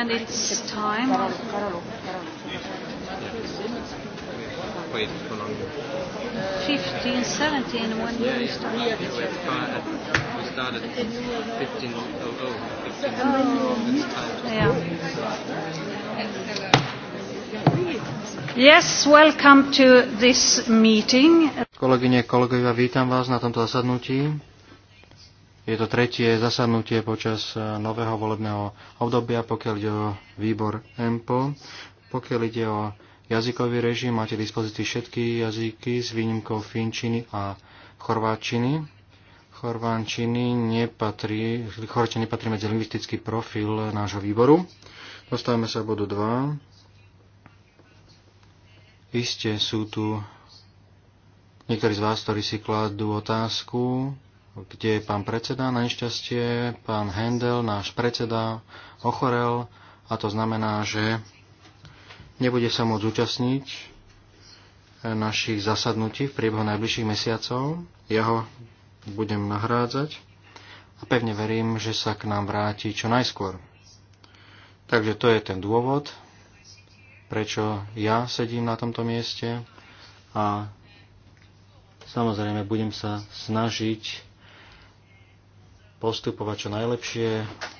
and its time. Wait, how long? when we started. We started oh oh, oh. Yes, welcome to this meeting. Kolegyne, kolegovia, vítam vás na tomto zasadnutí. Je to tretie zasadnutie počas e, nového volebného obdobia, pokiaľ ide o výbor EMPO. Pokiaľ ide o jazykový režim, máte dispozícii všetky jazyky s výnimkou finčiny a chorváčiny. Chorvánčiny nepatrí, nepatrí medzi lingvistický profil nášho výboru. Dostávame sa bodu 2. Isté sú tu niektorí z vás, ktorí si kladú otázku, kde pán predseda na nešťastie, pán Hendel, náš predseda, ochorel a to znamená, že nebude sa môcť zúčastniť e, našich zasadnutí v priebehu najbližších mesiacov. Ja ho budem nahrádzať a pevne verím, že sa k nám vráti čo najskôr. Takže to je ten dôvod, prečo ja sedím na tomto mieste a samozrejme budem sa snažiť postupovať čo najlepšie,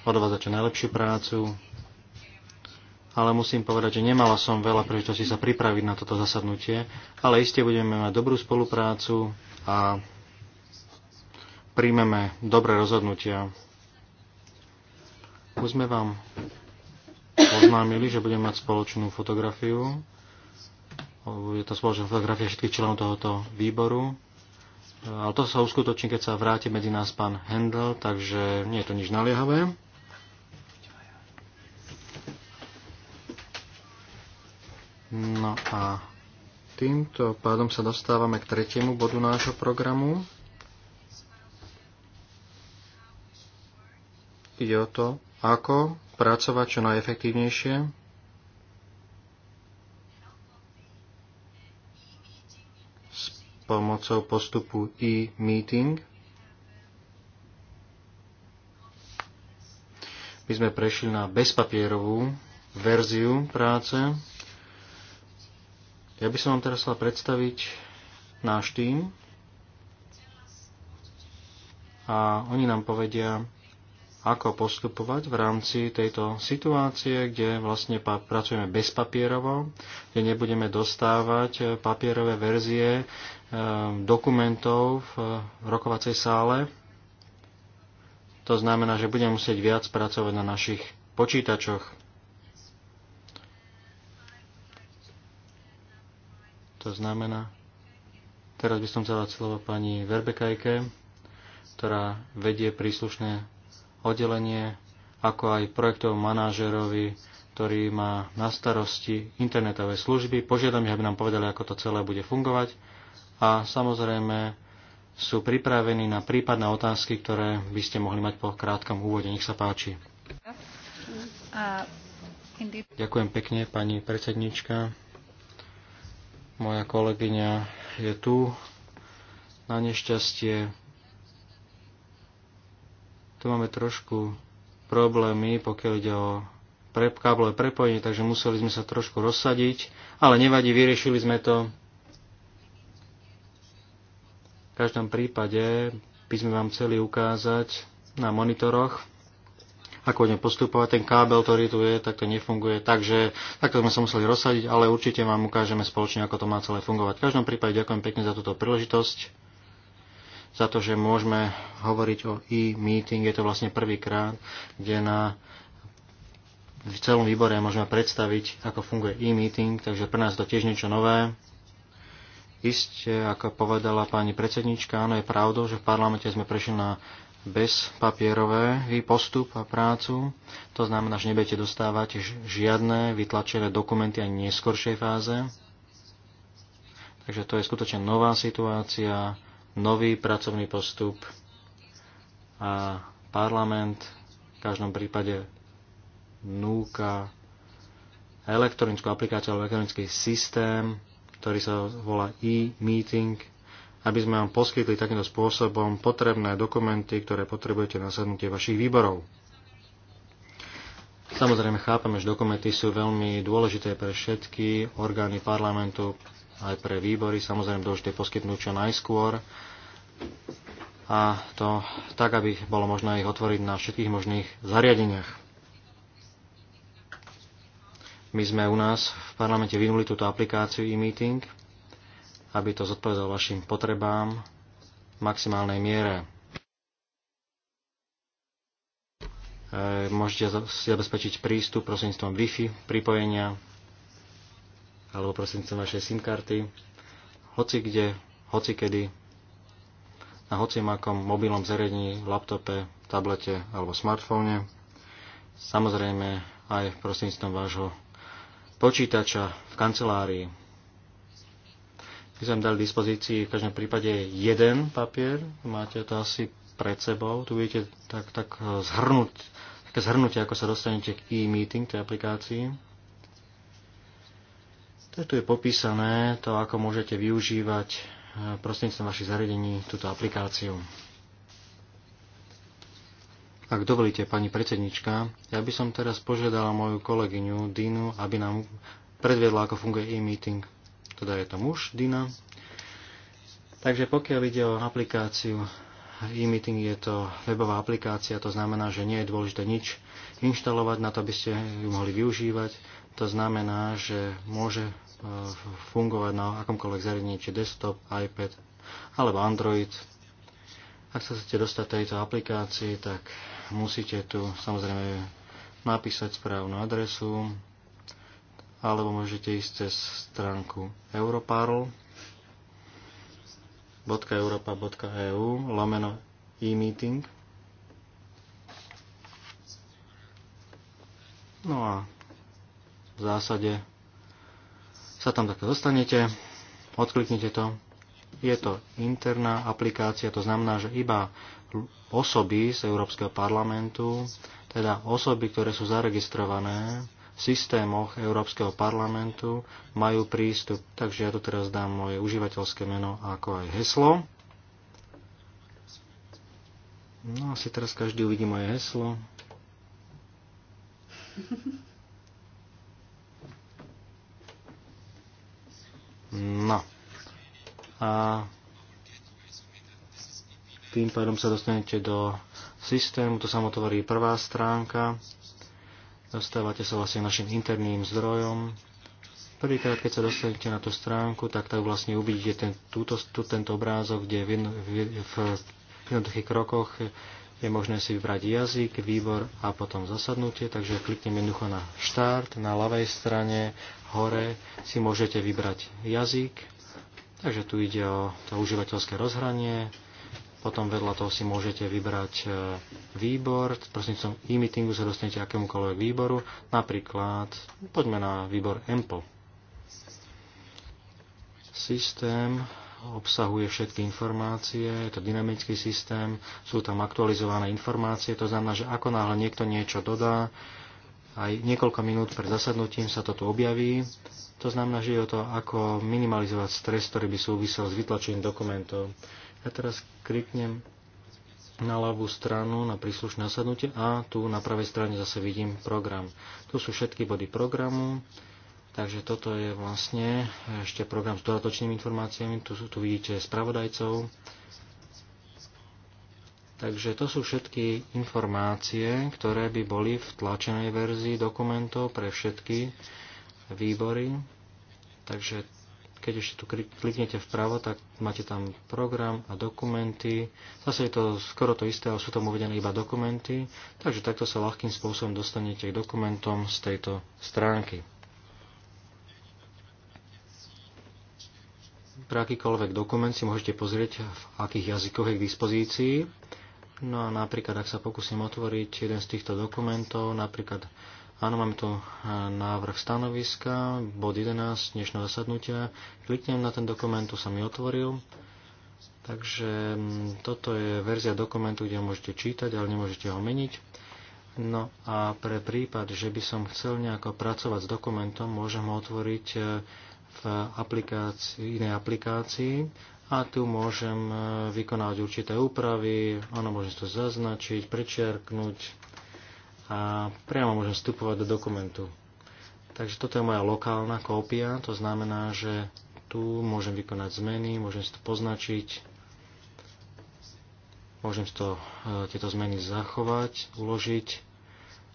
odvádzať čo najlepšiu prácu, ale musím povedať, že nemala som veľa príležitostí sa pripraviť na toto zasadnutie, ale iste budeme mať dobrú spoluprácu a príjmeme dobré rozhodnutia. Už sme vám oznámili, že budeme mať spoločnú fotografiu. Je to spoločná fotografia všetkých členov tohoto výboru. Ale to sa uskutoční, keď sa vráti medzi nás pán Hendel, takže nie je to nič naliehavé. No a týmto pádom sa dostávame k tretiemu bodu nášho programu. Ide o to, ako pracovať čo najefektívnejšie pomocou postupu e-meeting. My sme prešli na bezpapierovú verziu práce. Ja by som vám teraz chcela predstaviť náš tým a oni nám povedia, ako postupovať v rámci tejto situácie, kde vlastne pracujeme bezpapierovo, kde nebudeme dostávať e, papierové verzie e, dokumentov v rokovacej sále. To znamená, že budeme musieť viac pracovať na našich počítačoch. To znamená, teraz by som chcela slovo pani Verbekajke, ktorá vedie príslušné oddelenie, ako aj projektov manažerovi, ktorý má na starosti internetové služby. Požiadam ich, aby nám povedali, ako to celé bude fungovať. A samozrejme sú pripravení na prípadné otázky, ktoré by ste mohli mať po krátkom úvode. Nech sa páči. Ďakujem pekne, pani predsednička. Moja kolegyňa je tu. Na nešťastie tu máme trošku problémy, pokiaľ ide o pre, káblové prepojenie, takže museli sme sa trošku rozsadiť, ale nevadí, vyriešili sme to. V každom prípade by sme vám chceli ukázať na monitoroch, ako budeme postupovať. Ten kábel, ktorý tu je, tak to nefunguje. Takže takto sme sa museli rozsadiť, ale určite vám ukážeme spoločne, ako to má celé fungovať. V každom prípade ďakujem pekne za túto príležitosť za to, že môžeme hovoriť o e-meeting. Je to vlastne prvýkrát, kde na v celom výbore môžeme predstaviť, ako funguje e-meeting, takže pre nás to tiež niečo nové. Isté, ako povedala pani predsednička, áno, je pravdou, že v parlamente sme prešli na bezpapierové postup a prácu. To znamená, že nebudete dostávať žiadne vytlačené dokumenty ani neskoršej fáze. Takže to je skutočne nová situácia nový pracovný postup a parlament v každom prípade núka elektronickú aplikáciu alebo elektronický systém, ktorý sa volá e-meeting, aby sme vám poskytli takýmto spôsobom potrebné dokumenty, ktoré potrebujete na sadnutie vašich výborov. Samozrejme chápame, že dokumenty sú veľmi dôležité pre všetky orgány parlamentu, aj pre výbory. Samozrejme, dôležité poskytnúť čo najskôr a to tak, aby bolo možné ich otvoriť na všetkých možných zariadeniach. My sme u nás v parlamente vynuli túto aplikáciu e-meeting, aby to zodpovedalo vašim potrebám v maximálnej miere. E, môžete si zabezpečiť prístup prostredníctvom Wi-Fi pripojenia, alebo prostredníctvom vašej SIM karty, hoci kde, hoci kedy, na akom mobilnom zariadení, laptope, tablete alebo smartfóne. Samozrejme aj prostredníctvom vášho počítača v kancelárii. My sme dali dispozícii v každom prípade jeden papier, máte to asi pred sebou, tu vidíte tak, tak eh, zhrnúť, také zhrnutie, ako sa dostanete k e-meeting tej aplikácii. Tu je popísané to, ako môžete využívať eh, prostredníctvom vašich zariadení túto aplikáciu. Ak dovolíte, pani predsednička, ja by som teraz požiadala moju kolegyňu Dinu, aby nám predviedla, ako funguje e-meeting. Teda je to muž Dina. Takže pokiaľ ide o aplikáciu e-meeting, je to webová aplikácia, to znamená, že nie je dôležité nič inštalovať na to, aby ste ju mohli využívať. To znamená, že môže e, fungovať na akomkoľvek zariadení, či desktop, iPad alebo Android. Ak sa chcete dostať tejto aplikácii, tak musíte tu samozrejme napísať správnu adresu alebo môžete ísť cez stránku europarl.europa.eu lomeno e-meeting. No a v zásade sa tam takto dostanete, odkliknite to. Je to interná aplikácia, to znamená, že iba osoby z Európskeho parlamentu, teda osoby, ktoré sú zaregistrované v systémoch Európskeho parlamentu, majú prístup. Takže ja tu teraz dám moje užívateľské meno ako aj heslo. No asi teraz každý uvidí moje heslo. No. A tým pádom sa dostanete do systému, to sa otvorí prvá stránka, dostávate sa vlastne našim interným zdrojom. Prvýkrát, keď sa dostanete na tú stránku, tak tak vlastne uvidíte ten, túto, tú, tento obrázok, kde v, v, v jednoduchých krokoch je možné si vybrať jazyk, výbor a potom zasadnutie, takže kliknem jednoducho na štart, na ľavej strane, hore si môžete vybrať jazyk, takže tu ide o to užívateľské rozhranie, potom vedľa toho si môžete vybrať e, výbor, som e-meetingu sa dostanete akémukoľvek výboru, napríklad poďme na výbor EMPO. Systém obsahuje všetky informácie, je to dynamický systém, sú tam aktualizované informácie, to znamená, že ako náhle niekto niečo dodá, aj niekoľko minút pred zasadnutím sa to tu objaví. To znamená, že je o to, ako minimalizovať stres, ktorý by súvisel s vytlačením dokumentov. Ja teraz kliknem na ľavú stranu, na príslušné zasadnutie a tu na pravej strane zase vidím program. Tu sú všetky body programu. Takže toto je vlastne ešte program s dodatočnými informáciami. Tu, tu vidíte spravodajcov. Takže to sú všetky informácie, ktoré by boli v tlačenej verzii dokumentov pre všetky výbory. Takže keď ešte tu kliknete vpravo, tak máte tam program a dokumenty. Zase je to skoro to isté, ale sú tam uvedené iba dokumenty. Takže takto sa ľahkým spôsobom dostanete k dokumentom z tejto stránky. pre akýkoľvek dokument si môžete pozrieť, v akých jazykoch je k dispozícii. No a napríklad, ak sa pokúsim otvoriť jeden z týchto dokumentov, napríklad, áno, mám tu e, návrh stanoviska, bod 11, dnešného zasadnutia, kliknem na ten dokument, tu sa mi otvoril. Takže toto je verzia dokumentu, kde ho môžete čítať, ale nemôžete ho meniť. No a pre prípad, že by som chcel nejako pracovať s dokumentom, môžem ho otvoriť e, v aplikácii, inej aplikácii a tu môžem e, vykonávať určité úpravy, áno, môžem to zaznačiť, prečiarknúť a priamo môžem vstupovať do dokumentu. Takže toto je moja lokálna kópia, to znamená, že tu môžem vykonať zmeny, môžem si to poznačiť, môžem si to, e, tieto zmeny zachovať, uložiť.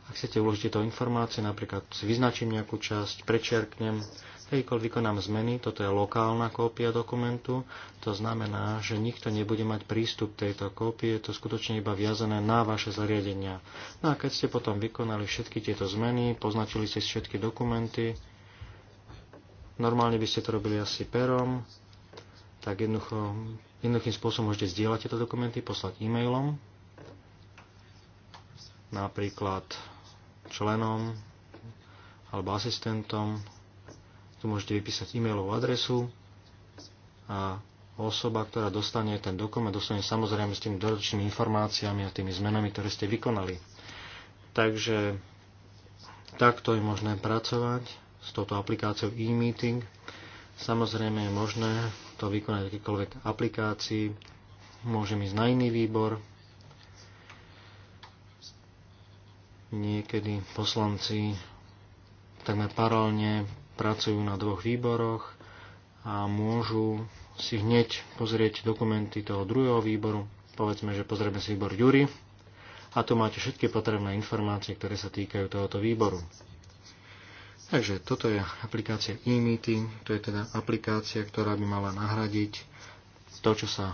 Ak chcete uložiť tieto informácie, napríklad si vyznačím nejakú časť, prečiarknem, Kedykoľvek vykonám zmeny, toto je lokálna kópia dokumentu, to znamená, že nikto nebude mať prístup k tejto kópie, je to skutočne iba viazané na vaše zariadenia. No a keď ste potom vykonali všetky tieto zmeny, poznačili ste všetky dokumenty, normálne by ste to robili asi perom, tak jednoducho, jednoduchým spôsobom môžete zdieľať tieto dokumenty, poslať e-mailom, napríklad členom alebo asistentom tu môžete vypísať e-mailovú adresu a osoba, ktorá dostane ten dokument, dostane samozrejme s tými dodatočnými informáciami a tými zmenami, ktoré ste vykonali. Takže takto je možné pracovať s touto aplikáciou e-meeting. Samozrejme je možné to vykonať v akýkoľvek aplikácii. Môžem ísť na iný výbor. Niekedy poslanci takmer paralelne pracujú na dvoch výboroch a môžu si hneď pozrieť dokumenty toho druhého výboru. Povedzme, že pozrieme si výbor Jury a tu máte všetky potrebné informácie, ktoré sa týkajú tohoto výboru. Takže toto je aplikácia e-meeting, to je teda aplikácia, ktorá by mala nahradiť to, čo sa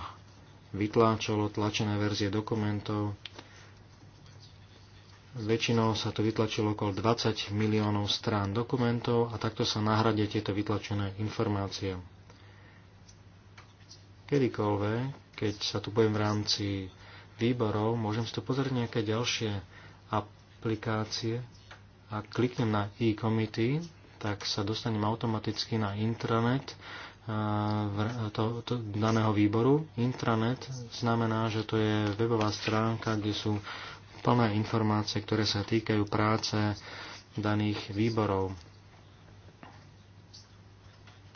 vytláčalo, tlačené verzie dokumentov, Väčšinou sa to vytlačilo okolo 20 miliónov strán dokumentov a takto sa nahradia tieto vytlačené informácie. Kedykoľvek, keď sa tu budem v rámci výborov, môžem si tu pozrieť nejaké ďalšie aplikácie a kliknem na e-committee, tak sa dostanem automaticky na intranet, to, to daného výboru. Intranet znamená, že to je webová stránka, kde sú plné informácie, ktoré sa týkajú práce daných výborov.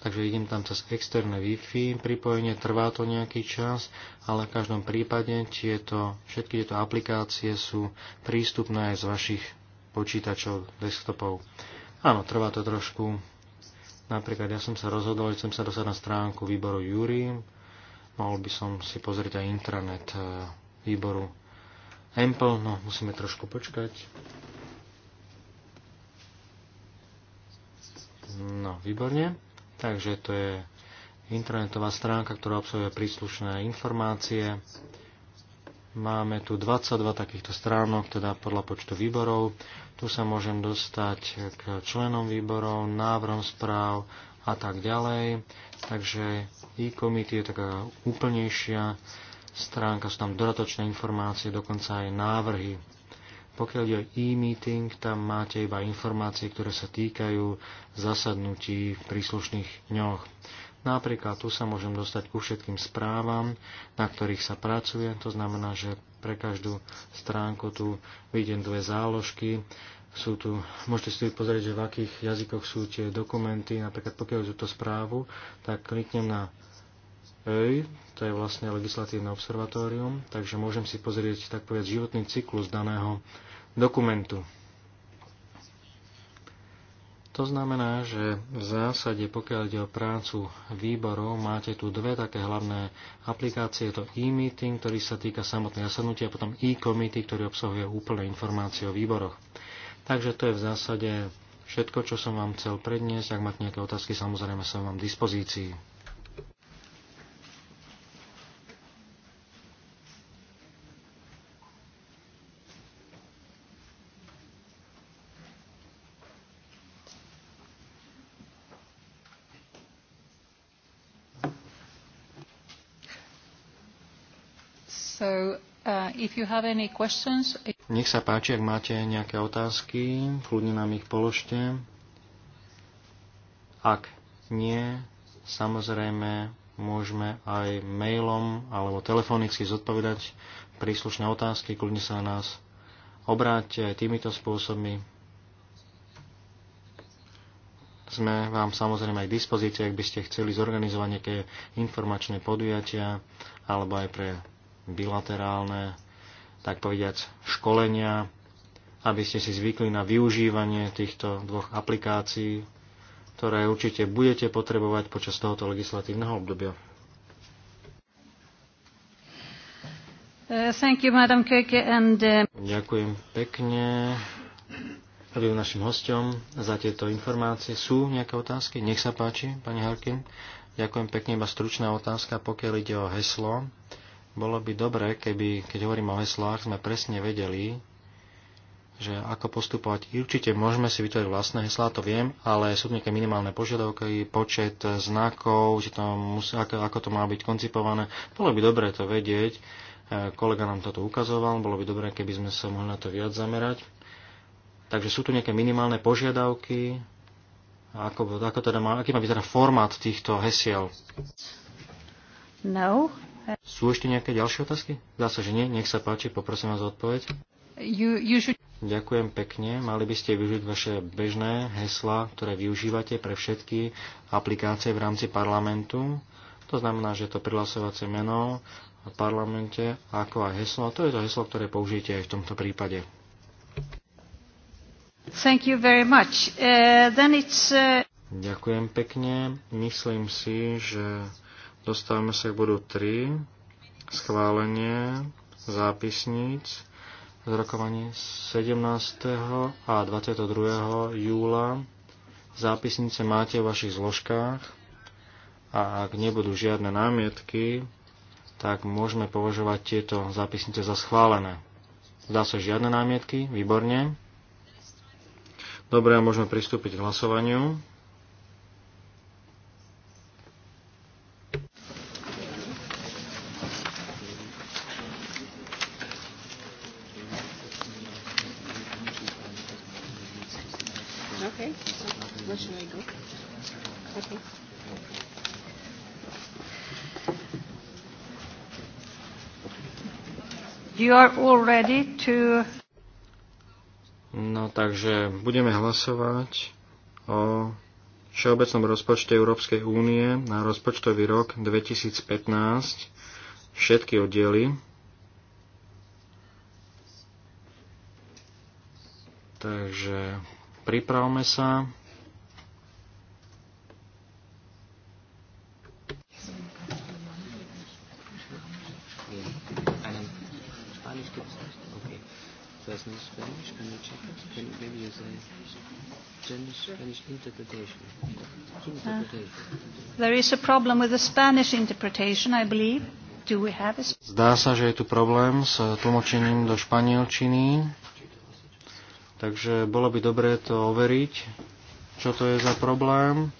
Takže idem tam cez externé Wi-Fi, pripojenie trvá to nejaký čas, ale v každom prípade tieto, všetky tieto aplikácie sú prístupné aj z vašich počítačov, desktopov. Áno, trvá to trošku. Napríklad ja som sa rozhodol, že chcem sa dostať na stránku výboru Júri, mohol by som si pozrieť aj intranet eh, výboru Hempel, no musíme trošku počkať. No, výborne. Takže to je internetová stránka, ktorá obsahuje príslušné informácie. Máme tu 22 takýchto stránok, teda podľa počtu výborov. Tu sa môžem dostať k členom výborov, návrhom správ a tak ďalej. Takže e-committee je taká úplnejšia stránka, sú tam dodatočné informácie, dokonca aj návrhy. Pokiaľ ide o e-meeting, tam máte iba informácie, ktoré sa týkajú zasadnutí v príslušných dňoch. Napríklad tu sa môžem dostať ku všetkým správam, na ktorých sa pracuje. To znamená, že pre každú stránku tu vidím dve záložky. Sú tu, môžete si tu pozrieť, že v akých jazykoch sú tie dokumenty. Napríklad pokiaľ sú to správu, tak kliknem na EJ, to je vlastne legislatívne observatórium, takže môžem si pozrieť tak povedať životný cyklus daného dokumentu. To znamená, že v zásade, pokiaľ ide o prácu výborov, máte tu dve také hlavné aplikácie. Je to e-meeting, ktorý sa týka samotnej zasadnutia, a potom e-committee, ktorý obsahuje úplné informácie o výboroch. Takže to je v zásade všetko, čo som vám chcel predniesť. Ak máte nejaké otázky, samozrejme som vám v dispozícii. questions... Nech sa páči, ak máte nejaké otázky, kľudne nám ich položte. Ak nie, samozrejme môžeme aj mailom alebo telefonicky zodpovedať príslušné otázky, kľudne sa na nás obráťte aj týmito spôsobmi. Sme vám samozrejme aj k dispozícii, ak by ste chceli zorganizovať nejaké informačné podujatia alebo aj pre bilaterálne tak povediac, školenia, aby ste si zvykli na využívanie týchto dvoch aplikácií, ktoré určite budete potrebovať počas tohoto legislatívneho obdobia. Uh, you, And, uh... Ďakujem pekne prvým našim hostom za tieto informácie. Sú nejaké otázky? Nech sa páči, pani Harkin. Ďakujem pekne, iba stručná otázka, pokiaľ ide o heslo. Bolo by dobré, keby, keď hovorím o heslách, sme presne vedeli, že ako postupovať. Určite môžeme si vytvoriť vlastné heslá, to viem, ale sú tu nejaké minimálne požiadavky, počet znakov, že to musí, ako, ako to má byť koncipované. Bolo by dobré to vedieť. E, kolega nám toto ukazoval, bolo by dobre, keby sme sa mohli na to viac zamerať. Takže sú tu nejaké minimálne požiadavky, ako, ako teda má, aký má byť teda formát týchto hesiel? No, sú ešte nejaké ďalšie otázky? Dá sa, že nie. Nech sa páči, poprosím vás o odpoveď. You, you should... Ďakujem pekne. Mali by ste využiť vaše bežné hesla, ktoré využívate pre všetky aplikácie v rámci parlamentu. To znamená, že to prihlasovacie meno v parlamente, ako aj heslo. A to je to heslo, ktoré použijete aj v tomto prípade. Thank you very much. Uh, then it's, uh... Ďakujem pekne. Myslím si, že Dostávame sa k bodu 3. Schválenie zápisníc z rokovaní 17. a 22. júla. Zápisnice máte v vašich zložkách a ak nebudú žiadne námietky, tak môžeme považovať tieto zápisnice za schválené. Zdá sa žiadne námietky? Výborne. Dobre, môžeme pristúpiť k hlasovaniu. you are all ready to... No takže budeme hlasovať o všeobecnom rozpočte Európskej únie na rozpočtový rok 2015 všetky oddiely. Takže pripravme sa. there's Spanish, can you check it? Can you maybe use a Spanish, Spanish interpretation? interpretation. Uh, there is a problem with the Spanish interpretation, I believe. Do we have a... Zdá sa, že je tu problém s tlmočením do španielčiny, takže bolo by dobré to overiť, čo to je za problém.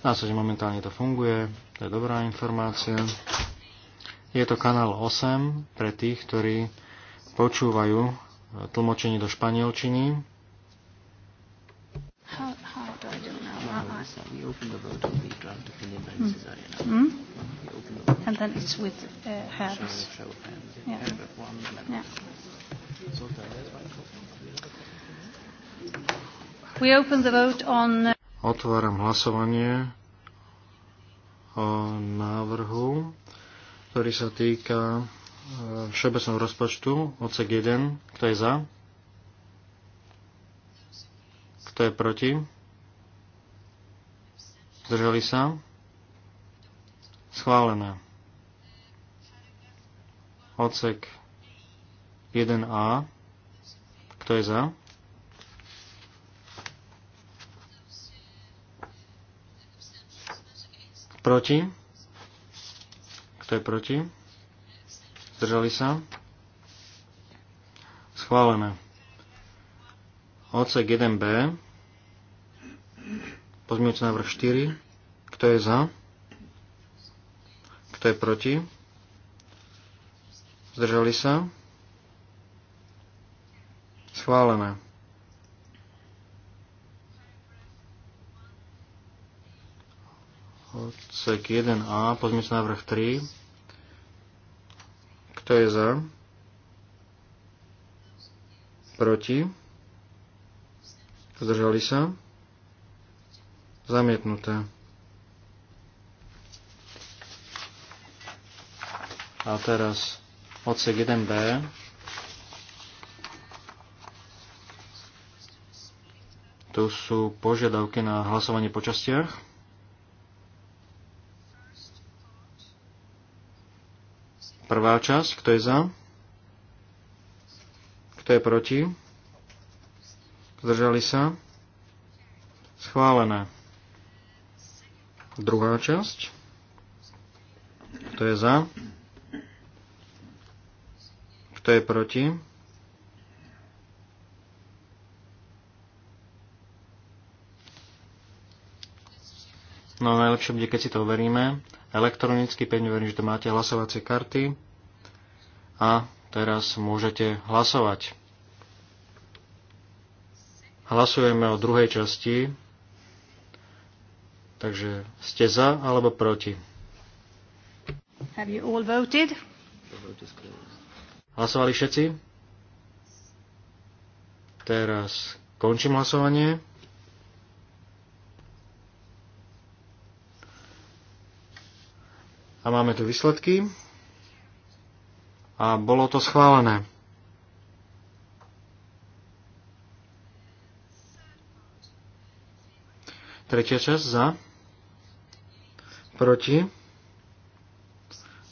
V zásade momentálne to funguje, to je dobrá informácia. Je to kanál 8 pre tých, ktorí počúvajú tlmočení do španielčiny. No, no, uh, we open the vote on... Otváram hlasovanie o návrhu, ktorý sa týka všeobecného rozpočtu, odsek 1, kto je za? Kto je proti? Zdržali sa? Schválené. Odsek 1a. Kto je za? Proti? Kto je proti? Zdržali sa? Schválené. Odsek 1b. Pozmiňujúci návrh 4. Kto je za? Kto je proti? Zdržali sa? Schválené. Odsek 1a, pozmiňujúci návrh 3 kto je za? Proti? Zdržali sa? Zamietnuté. A teraz odsek 1b. Tu sú požiadavky na hlasovanie po častiach. Prvá časť, kto je za? Kto je proti? Zdržali sa? Schválené. Druhá časť. Kto je za? Kto je proti? No najlepšie bude, keď si to overíme elektronicky. Pevne verím, že to máte hlasovacie karty. A teraz môžete hlasovať. Hlasujeme o druhej časti. Takže ste za alebo proti? Have you all voted? Hlasovali všetci? Teraz končím hlasovanie. A máme tu výsledky. A bolo to schválené. Tretia časť za. Proti.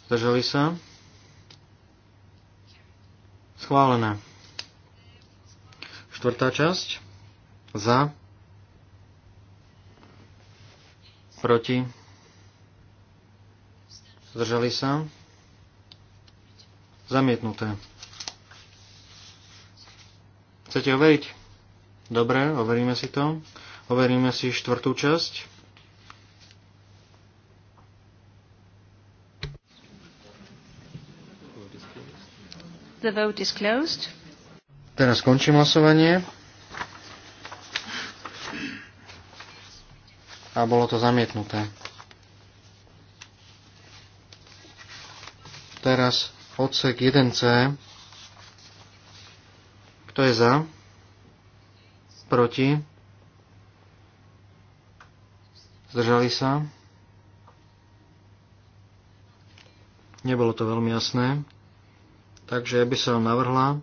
Zdržali sa. Schválené. Štvrtá časť. Za. Proti Zdržali sa? Zamietnuté. Chcete overiť? Dobre, overíme si to. Overíme si štvrtú časť. The vote is closed. Teraz skončím hlasovanie. A bolo to zamietnuté. Teraz odsek 1C. Kto je za? Proti? Zdržali sa? Nebolo to veľmi jasné. Takže ja by som navrhla,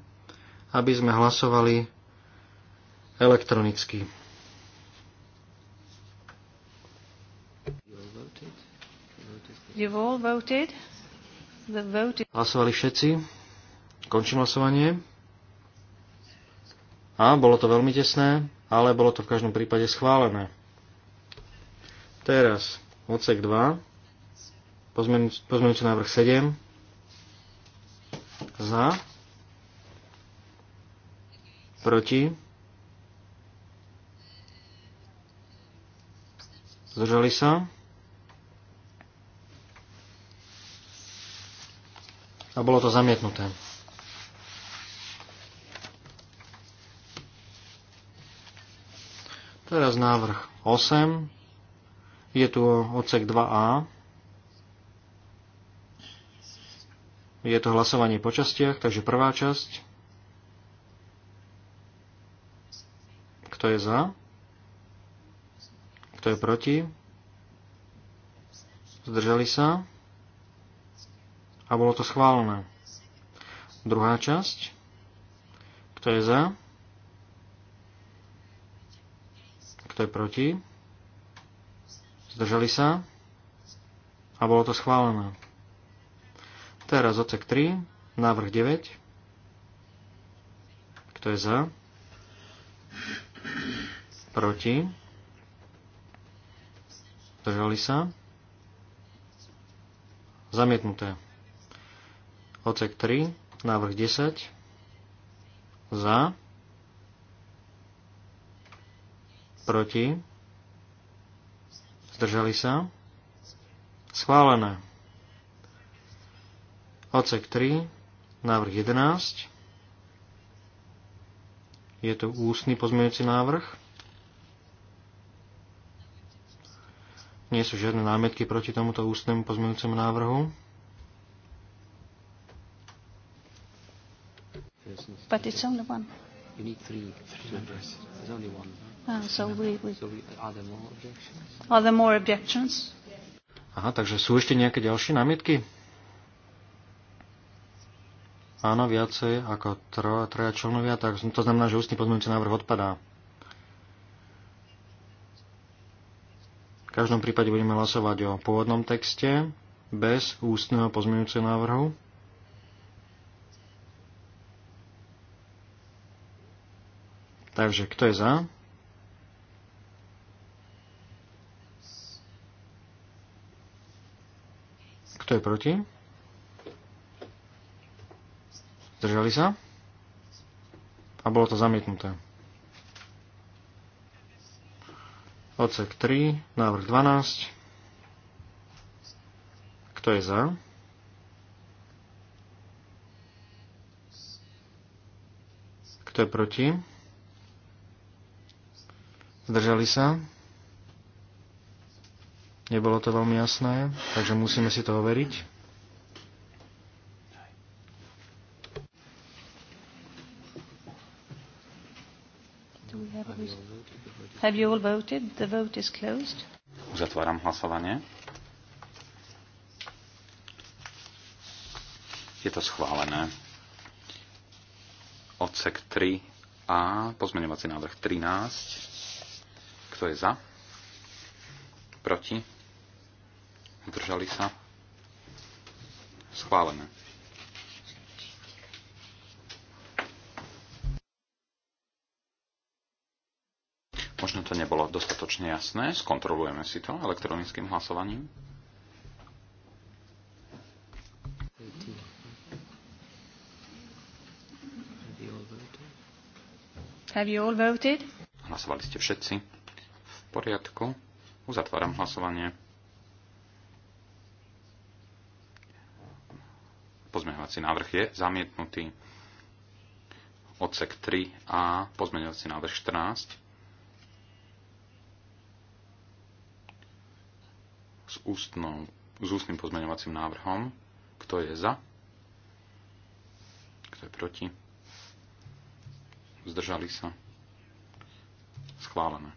aby sme hlasovali elektronicky. You've all voted? Hlasovali všetci. Končím hlasovanie. A bolo to veľmi tesné, ale bolo to v každom prípade schválené. Teraz odsek 2, pozmenujúci návrh 7, za, proti, zdržali sa, a bolo to zamietnuté. Teraz návrh 8. Je tu odsek 2a. Je to hlasovanie po častiach, takže prvá časť. Kto je za? Kto je proti? Zdržali sa? a bolo to schválené. Druhá časť. Kto je za? Kto je proti? Zdržali sa? A bolo to schválené. Teraz odsek 3, návrh 9. Kto je za? Proti? Zdržali sa? Zamietnuté. Ocek 3, návrh 10. Za. Proti. Zdržali sa. Schválené. Ocek 3, návrh 11. Je to ústny pozmeňujúci návrh. Nie sú žiadne námietky proti tomuto ústnemu pozmeňujúcemu návrhu. But it's only one. You need three, three members. There's only one. Uh, so we, we... So we, are there more objections? Are there more objections? Aha, takže sú ešte nejaké ďalšie námietky? Áno, viacej ako tro, troja členovia, tak to znamená, že ústny pozmeňujúci návrh odpadá. V každom prípade budeme hlasovať o pôvodnom texte bez ústneho pozmeňujúceho návrhu. Takže kto je za? Kto je proti? Zdržali sa? A bolo to zamietnuté. Odsek 3, návrh 12. Kto je za? Kto je proti? Kto je proti? Zdržali sa? Nebolo to veľmi jasné, takže musíme si to overiť. Have you all voted? The vote is closed. Uzatváram hlasovanie. Je to schválené. Odsek 3a, pozmeňovací návrh 13. Kto je za? Proti? Zdržali sa? Schválené. Možno to nebolo dostatočne jasné, skontrolujeme si to elektronickým hlasovaním. Have you all voted? Hlasovali ste všetci poriadku. Uzatváram hlasovanie. Pozmeňovací návrh je zamietnutý. Odsek 3a, pozmeňovací návrh 14. S, ústnou, s ústnym pozmeňovacím návrhom. Kto je za? Kto je proti? Zdržali sa? Schválené.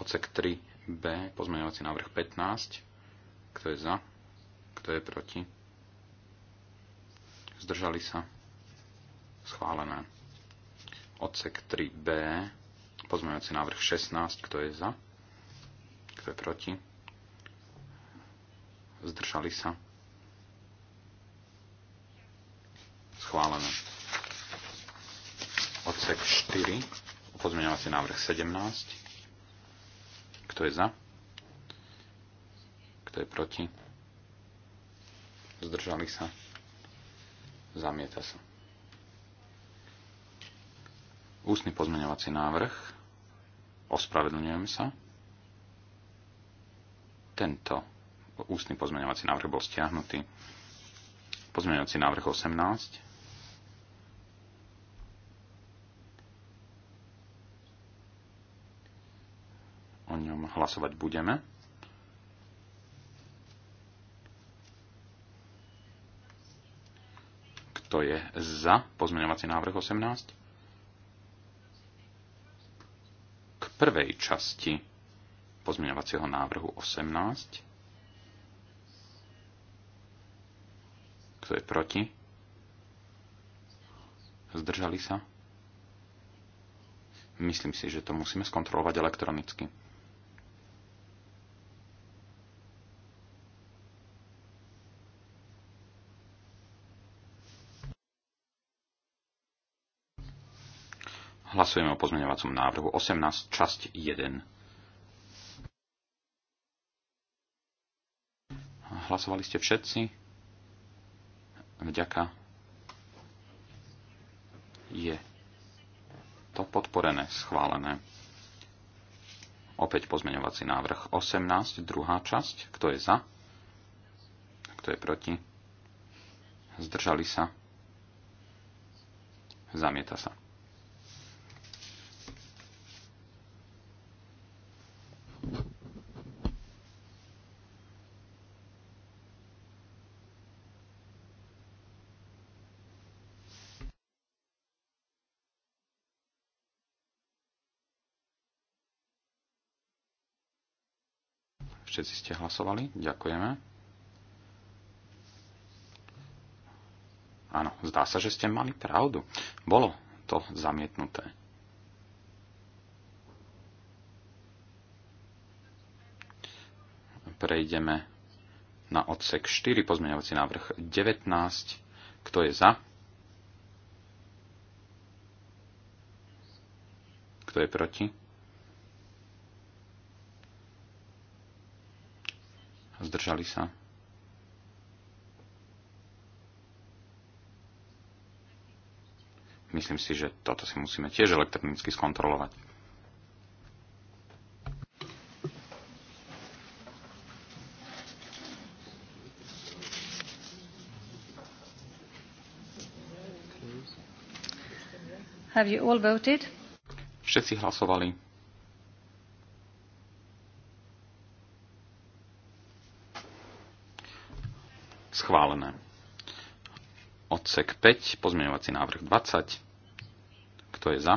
Odsek 3b, pozmeňovací návrh 15. Kto je za? Kto je proti? Zdržali sa? Schválené. Odsek 3b, pozmeňovací návrh 16. Kto je za? Kto je proti? Zdržali sa? Schválené. Odsek 4, pozmeňovací návrh 17 kto je za? Kto je proti? Zdržali sa? Zamieta sa. Ústny pozmeňovací návrh. Ospravedlňujeme sa. Tento ústny pozmeňovací návrh bol stiahnutý. Pozmeňovací návrh 18. hlasovať budeme. Kto je za pozmeňovací návrh 18? K prvej časti pozmeňovacieho návrhu 18. Kto je proti? Zdržali sa? Myslím si, že to musíme skontrolovať elektronicky. Hlasujeme o pozmeňovacom návrhu 18, časť 1. Hlasovali ste všetci? Vďaka. Je to podporené, schválené. Opäť pozmeňovací návrh 18, druhá časť. Kto je za? Kto je proti? Zdržali sa? Zamieta sa. Všetci ste hlasovali? Ďakujeme. Áno, zdá sa, že ste mali pravdu. Bolo to zamietnuté. Prejdeme na odsek 4, pozmeňovací návrh 19. Kto je za? Kto je proti? zdržali sa. Myslím si, že toto si musíme tiež elektronicky skontrolovať. Have you all voted? Všetci hlasovali. schválené. Odsek 5, pozmeňovací návrh 20. Kto je za?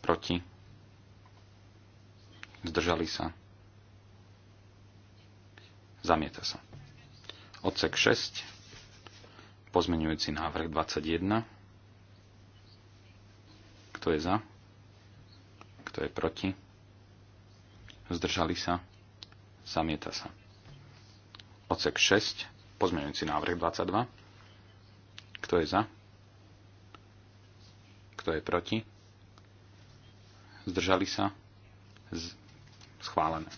Proti? Zdržali sa? Zamieta sa. Odsek 6, pozmeňujúci návrh 21. Kto je za? Kto je proti? Zdržali sa? Zamieta sa. Odsek 6, pozmeňujúci návrh 22. Kto je za? Kto je proti? Zdržali sa? Z... Schválené.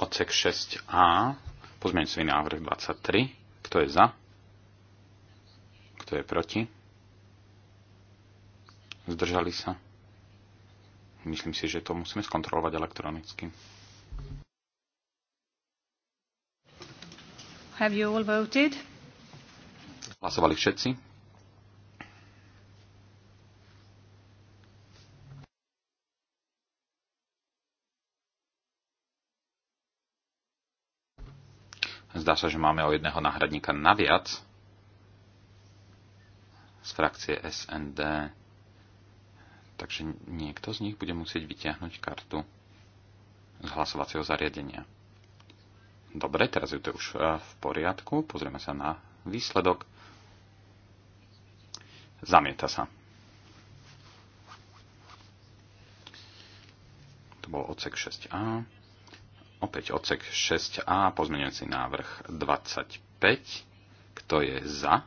Odsek 6a, pozmeňujúci návrh 23. Kto je za? Kto je proti? Zdržali sa? Myslím si, že to musíme skontrolovať elektronicky. Have you all voted? Hlasovali všetci? Zdá sa, že máme o jedného náhradníka naviac z frakcie SND. Takže niekto z nich bude musieť vyťahnuť kartu z hlasovacieho zariadenia. Dobre, teraz je to už e, v poriadku. Pozrieme sa na výsledok. Zamieta sa. To bol odsek 6a. Opäť odsek 6a, pozmeňujúci návrh 25. Kto je za?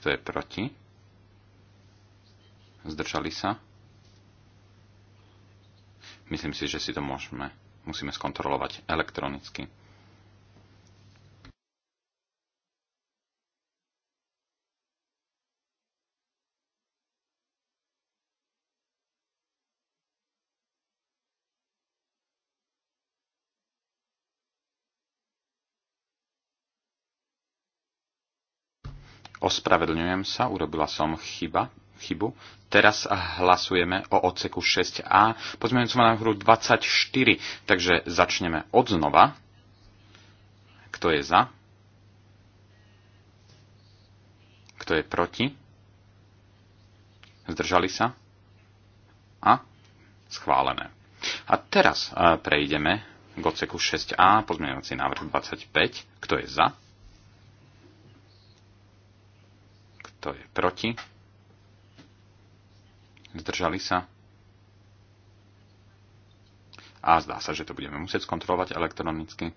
Kto je proti? Zdržali sa? Myslím si, že si to môžeme, musíme skontrolovať elektronicky. Ospravedlňujem sa, urobila som chyba chybu. Teraz hlasujeme o odseku 6a, pozmeňujúcom hru 24, takže začneme od znova. Kto je za? Kto je proti? Zdržali sa? A? Schválené. A teraz e, prejdeme k odseku 6a, pozmeňovací návrh 25. Kto je za? Kto je proti? Zdržali sa? A zdá sa, že to budeme musieť skontrolovať elektronicky.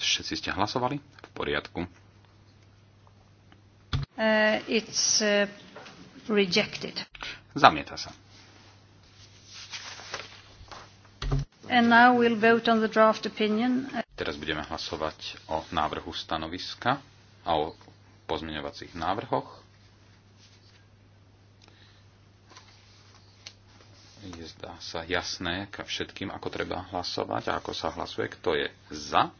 Všetci ste hlasovali? V poriadku. Uh, it's uh, rejected. Zamieta sa. We'll Teraz budeme hlasovať o návrhu stanoviska a o pozmeňovacích návrhoch. Je zdá sa jasné ka všetkým, ako treba hlasovať a ako sa hlasuje, kto je za.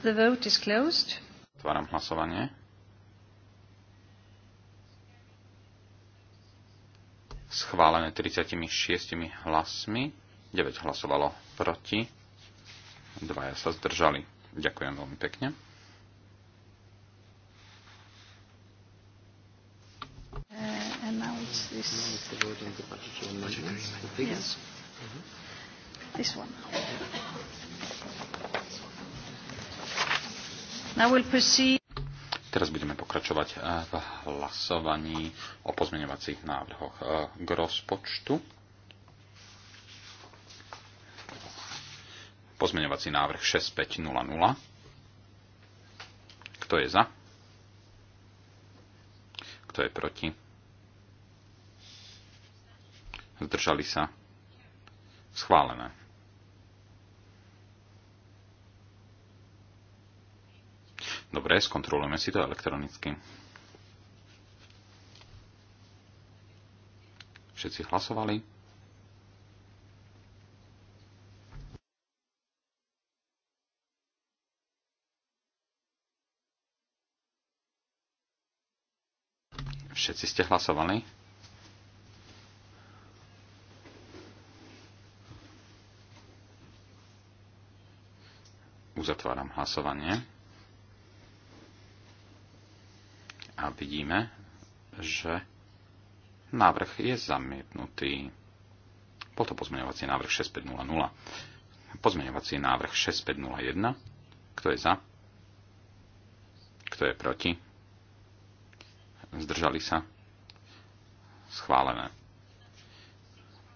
The vote is closed. Otváram hlasovanie. Schválené 36 hlasmi. 9 hlasovalo proti. Dvaja sa zdržali. Ďakujem veľmi pekne. Uh, This one. Teraz budeme pokračovať eh, v hlasovaní o pozmeňovacích návrhoch eh, k rozpočtu. Pozmeňovací návrh 6500. Kto je za? Kto je proti? Zdržali sa? Schválené. Dobre, skontrolujeme si to elektronicky. Všetci hlasovali? Všetci ste hlasovali? Uzatváram hlasovanie. A vidíme, že návrh je zamietnutý. Bol to pozmeňovací návrh 6500. Pozmeňovací návrh 6501. Kto je za? Kto je proti? Zdržali sa? Schválené.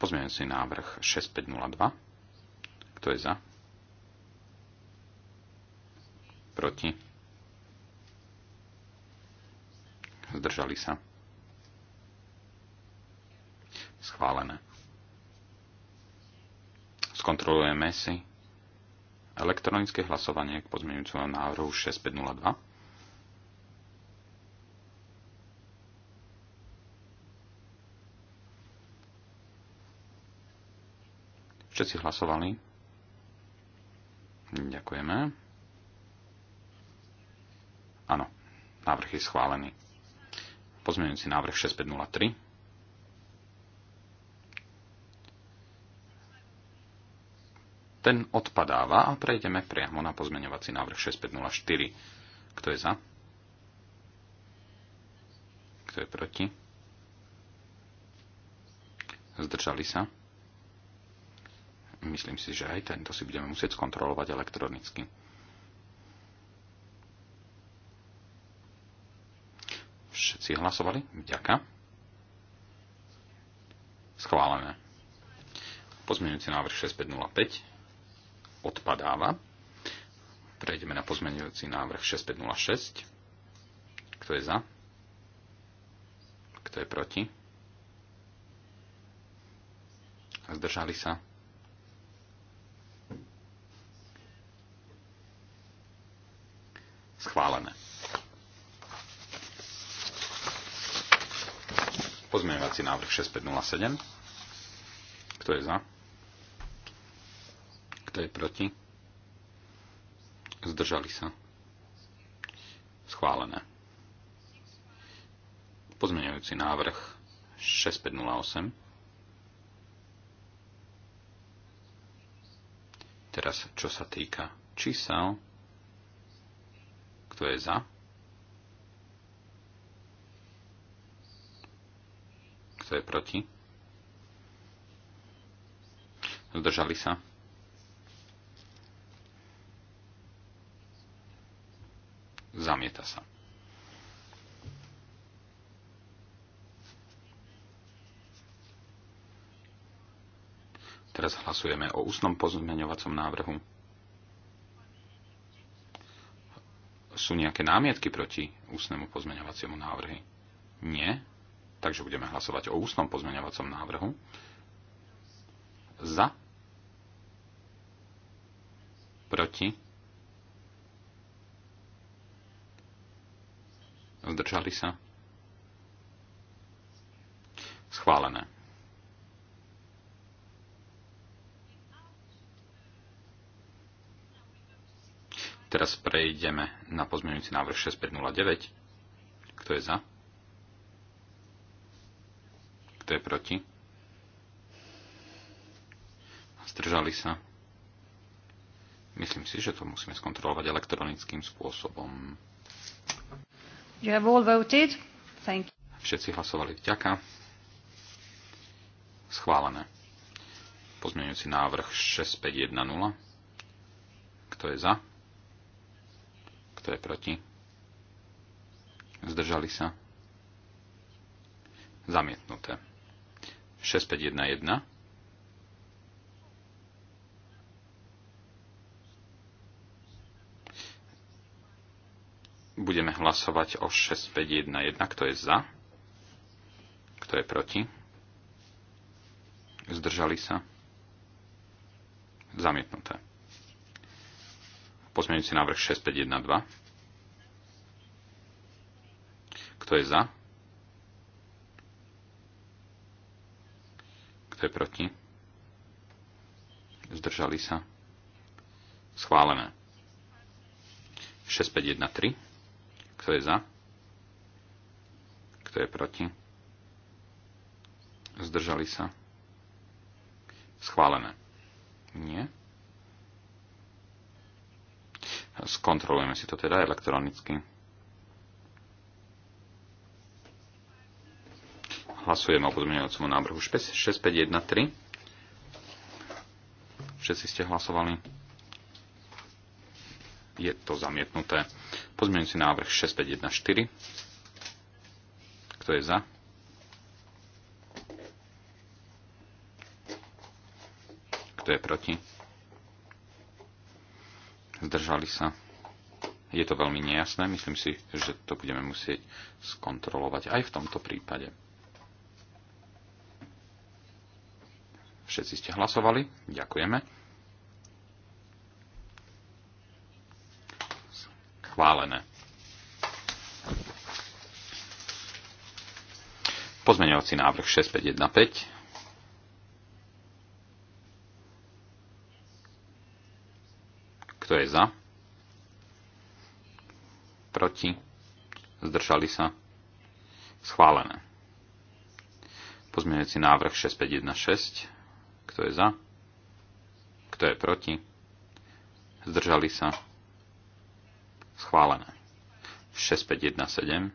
Pozmeňovací návrh 6502. Kto je za? Proti? Zdržali sa. Schválené. Skontrolujeme si elektronické hlasovanie k pozmeňujúcemu návrhu 6502. Všetci hlasovali? Ďakujeme. Áno, návrh je schválený. Pozmeňujúci návrh 6503. Ten odpadáva a prejdeme priamo na pozmeňovací návrh 6504. Kto je za? Kto je proti? Zdržali sa? Myslím si, že aj tento si budeme musieť skontrolovať elektronicky. Všetci hlasovali? Ďaká. Schválené. Pozmeňujúci návrh 6505 odpadáva. Prejdeme na pozmeňujúci návrh 6506. Kto je za? Kto je proti? Zdržali sa? Schválené. Pozmeňovací návrh 6507. Kto je za? Kto je proti? Zdržali sa. Schválené. Pozmeňujúci návrh 6508. Teraz, čo sa týka čísel, kto je za, Kto je proti? Zdržali sa? Zamieta sa. Teraz hlasujeme o ústnom pozmeňovacom návrhu. Sú nejaké námietky proti ústnemu pozmeňovaciemu návrhy? Nie? Takže budeme hlasovať o ústnom pozmeňovacom návrhu. Za. Proti. Zdržali sa. Schválené. Teraz prejdeme na pozmeňujúci návrh 6509. Kto je za? Kto je proti? Zdržali sa. Myslím si, že to musíme skontrolovať elektronickým spôsobom. You have all voted. Thank you. Všetci hlasovali vďaka. Schválené. Pozmeňujúci návrh 6510. Kto je za? Kto je proti? Zdržali sa? Zamietnuté. 6511. Budeme hlasovať o 6511. Kto je za? Kto je proti? Zdržali sa? Zamietnuté. Pozmeňujúci návrh 6512. Kto je za? kto je proti? Zdržali sa. Schválené. 6513. Kto je za? Kto je proti? Zdržali sa. Schválené. Nie. Skontrolujeme si to teda elektronicky. Hlasujeme o pozmeňovacom návrhu 6513. Všetci ste hlasovali. Je to zamietnuté. Pozmeňujúci návrh 6514. Kto je za? Kto je proti? Zdržali sa. Je to veľmi nejasné. Myslím si, že to budeme musieť skontrolovať aj v tomto prípade. Všetci ste hlasovali. Ďakujeme. Chválené. Pozmeňovací návrh 6515. Kto je za? Proti? Zdržali sa? Schválené. Pozmeňujúci návrh 6516. Kto je za? Kto je proti? Zdržali sa? Schválené. 6517.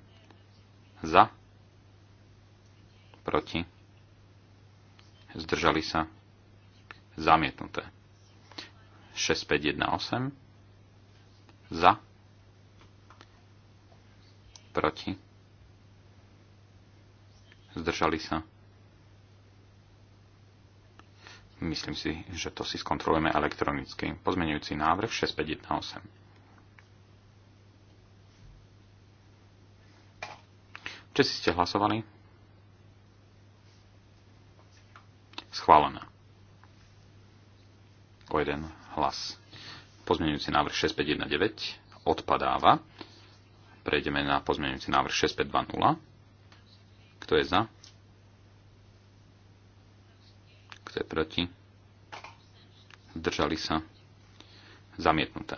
Za? Proti? Zdržali sa? Zamietnuté. 6518. Za? Proti? Zdržali sa? Myslím si, že to si skontrolujeme elektronicky. Pozmenujúci návrh 6518. Všetci ste hlasovali? Schválené. O jeden hlas. Pozmenujúci návrh 6519 odpadáva. Prejdeme na pozmenujúci návrh 6520. Kto je za? Kto je proti? Držali sa. Zamietnuté.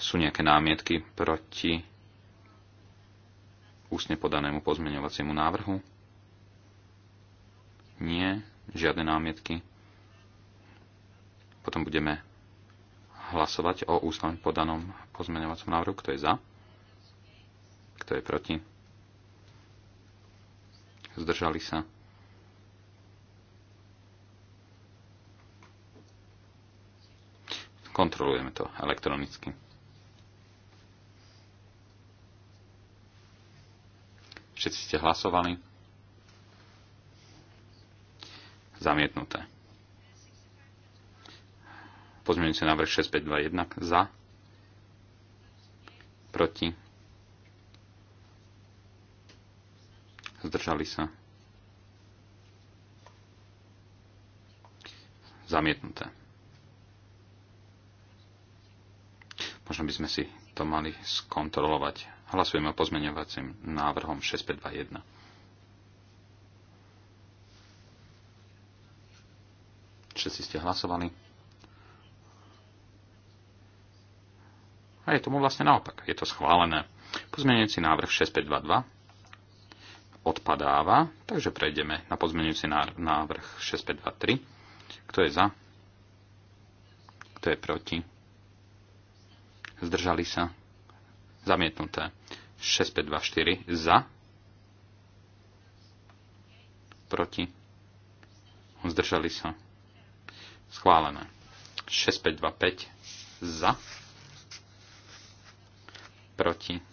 Sú nejaké námietky proti ústne podanému pozmeňovaciemu návrhu? Nie, žiadne námietky. Potom budeme hlasovať o ústne podanom pozmeňovacom návrhu. Kto je za? Kto je proti? zdržali sa. Kontrolujeme to elektronicky. Všetci ste hlasovali. Zamietnuté. Pozmeňujúci návrh 6521 za. Proti. zdržali sa. Zamietnuté. Možno by sme si to mali skontrolovať. Hlasujeme o pozmeňovacím návrhom 6521. Všetci ste hlasovali. A je tomu vlastne naopak. Je to schválené. Pozmeňujúci návrh 6522 odpadáva, takže prejdeme na pozmenujúci návrh 6523. Kto je za? Kto je proti? Zdržali sa? Zamietnuté. 6524 za? Proti? Zdržali sa? Schválené. 6525 za? Proti?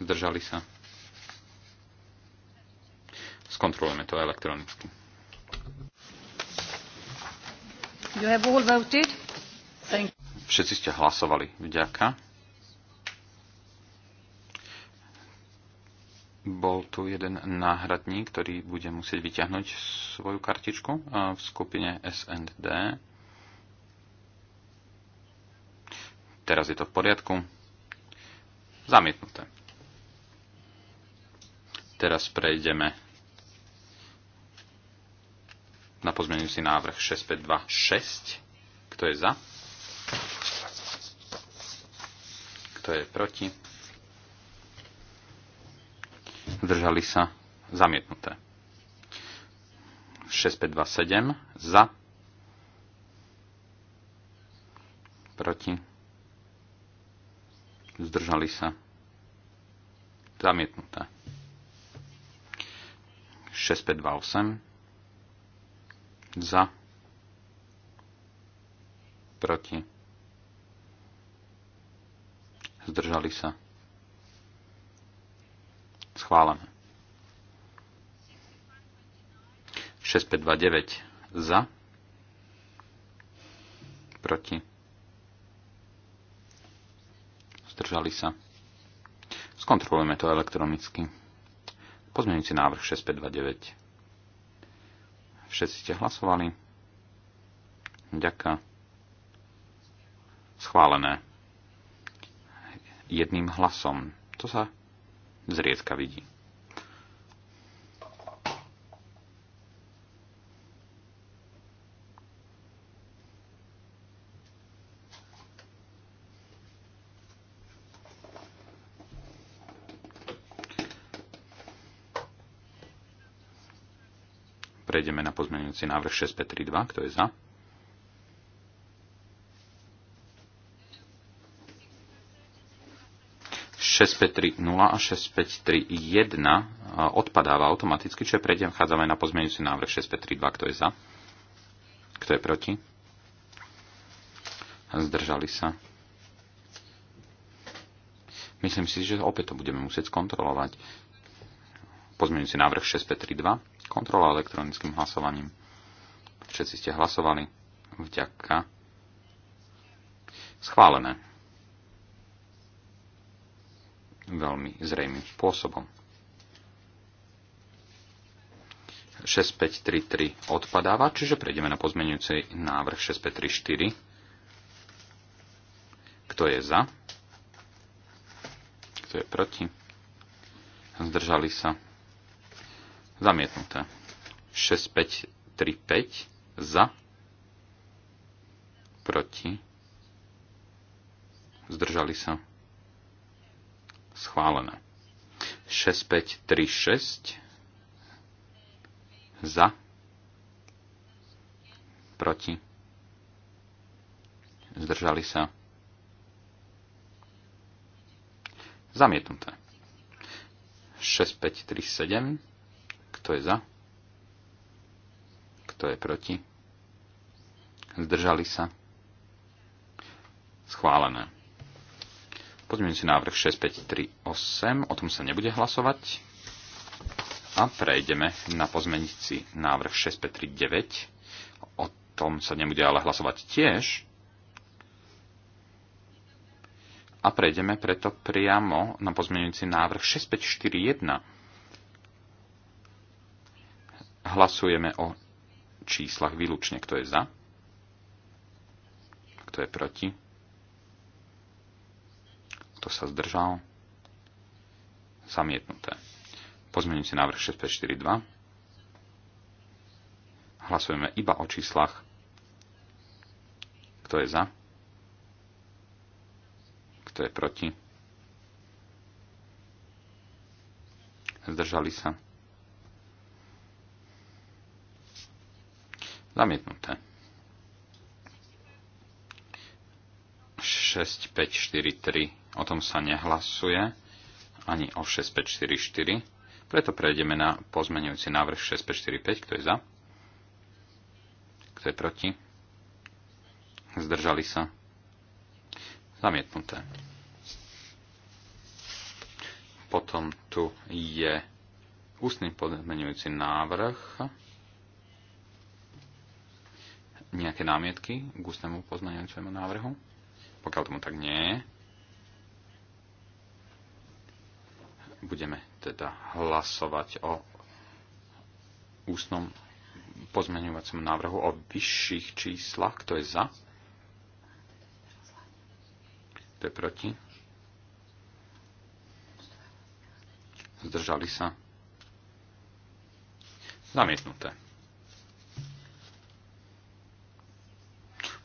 Zdržali sa? Skontrolujeme to elektronicky. You have all voted. Thank you. Všetci ste hlasovali. Vďaka. Bol tu jeden náhradník, ktorý bude musieť vyťahnuť svoju kartičku eh, v skupine SND. Teraz je to v poriadku. Zamietnuté. Teraz prejdeme na pozmeňujúci návrh 6526. Kto je za? Kto je proti? Zdržali sa? Zamietnuté. 6527. Za? Proti? Zdržali sa? Zamietnuté. 6528 za proti zdržali sa schválené 6529 za proti zdržali sa Skontrolujeme to elektronicky. Pozmeňujúci návrh 6529. Všetci ste hlasovali. Ďaká. Schválené. Jedným hlasom. To sa zriedka vidí. prejdeme na pozmeňujúci návrh 6532. Kto je za? a 6531 odpadáva automaticky, čiže prejdem, vchádzame na pozmeňujúci návrh 6532. Kto je za? Kto je proti? Zdržali sa. Myslím si, že opäť to budeme musieť skontrolovať. Pozmeňujúci návrh 6532. Kontrola elektronickým hlasovaním. Všetci ste hlasovali. Vďaka. Schválené. Veľmi zrejmým spôsobom. 6533 odpadáva, čiže prejdeme na pozmenujúci návrh 6534. Kto je za? Kto je proti? Zdržali sa? Zamietnuté. 5. za. Proti. Zdržali sa. Schválené. 6. za. Proti. Zdržali sa. Zamietnuté. 6537 kto je za? Kto je proti? Zdržali sa? Schválené. si návrh 6538, o tom sa nebude hlasovať. A prejdeme na pozmenici návrh 6539, o tom sa nebude ale hlasovať tiež. A prejdeme preto priamo na pozmeňujúci návrh 6541, Hlasujeme o číslach výlučne. Kto je za? Kto je proti? Kto sa zdržal? Zamietnuté. Pozmením si návrh 6542. Hlasujeme iba o číslach. Kto je za? Kto je proti? Zdržali sa? Zamietnuté. 6, 5, 4, 3. O tom sa nehlasuje ani o 6544. Preto prejdeme na pozmenujúci návrh 6545. Kto je za? Kto je proti? Zdržali sa? Zamietnuté. Potom tu je ústny pozmenujúci návrh nejaké námietky k ústnemu pozmeňujúcemu návrhu? Pokiaľ tomu tak nie, budeme teda hlasovať o ústnom pozmeňovacom návrhu o vyšších číslach. Kto je za? Kto je proti? Zdržali sa? Zamietnuté.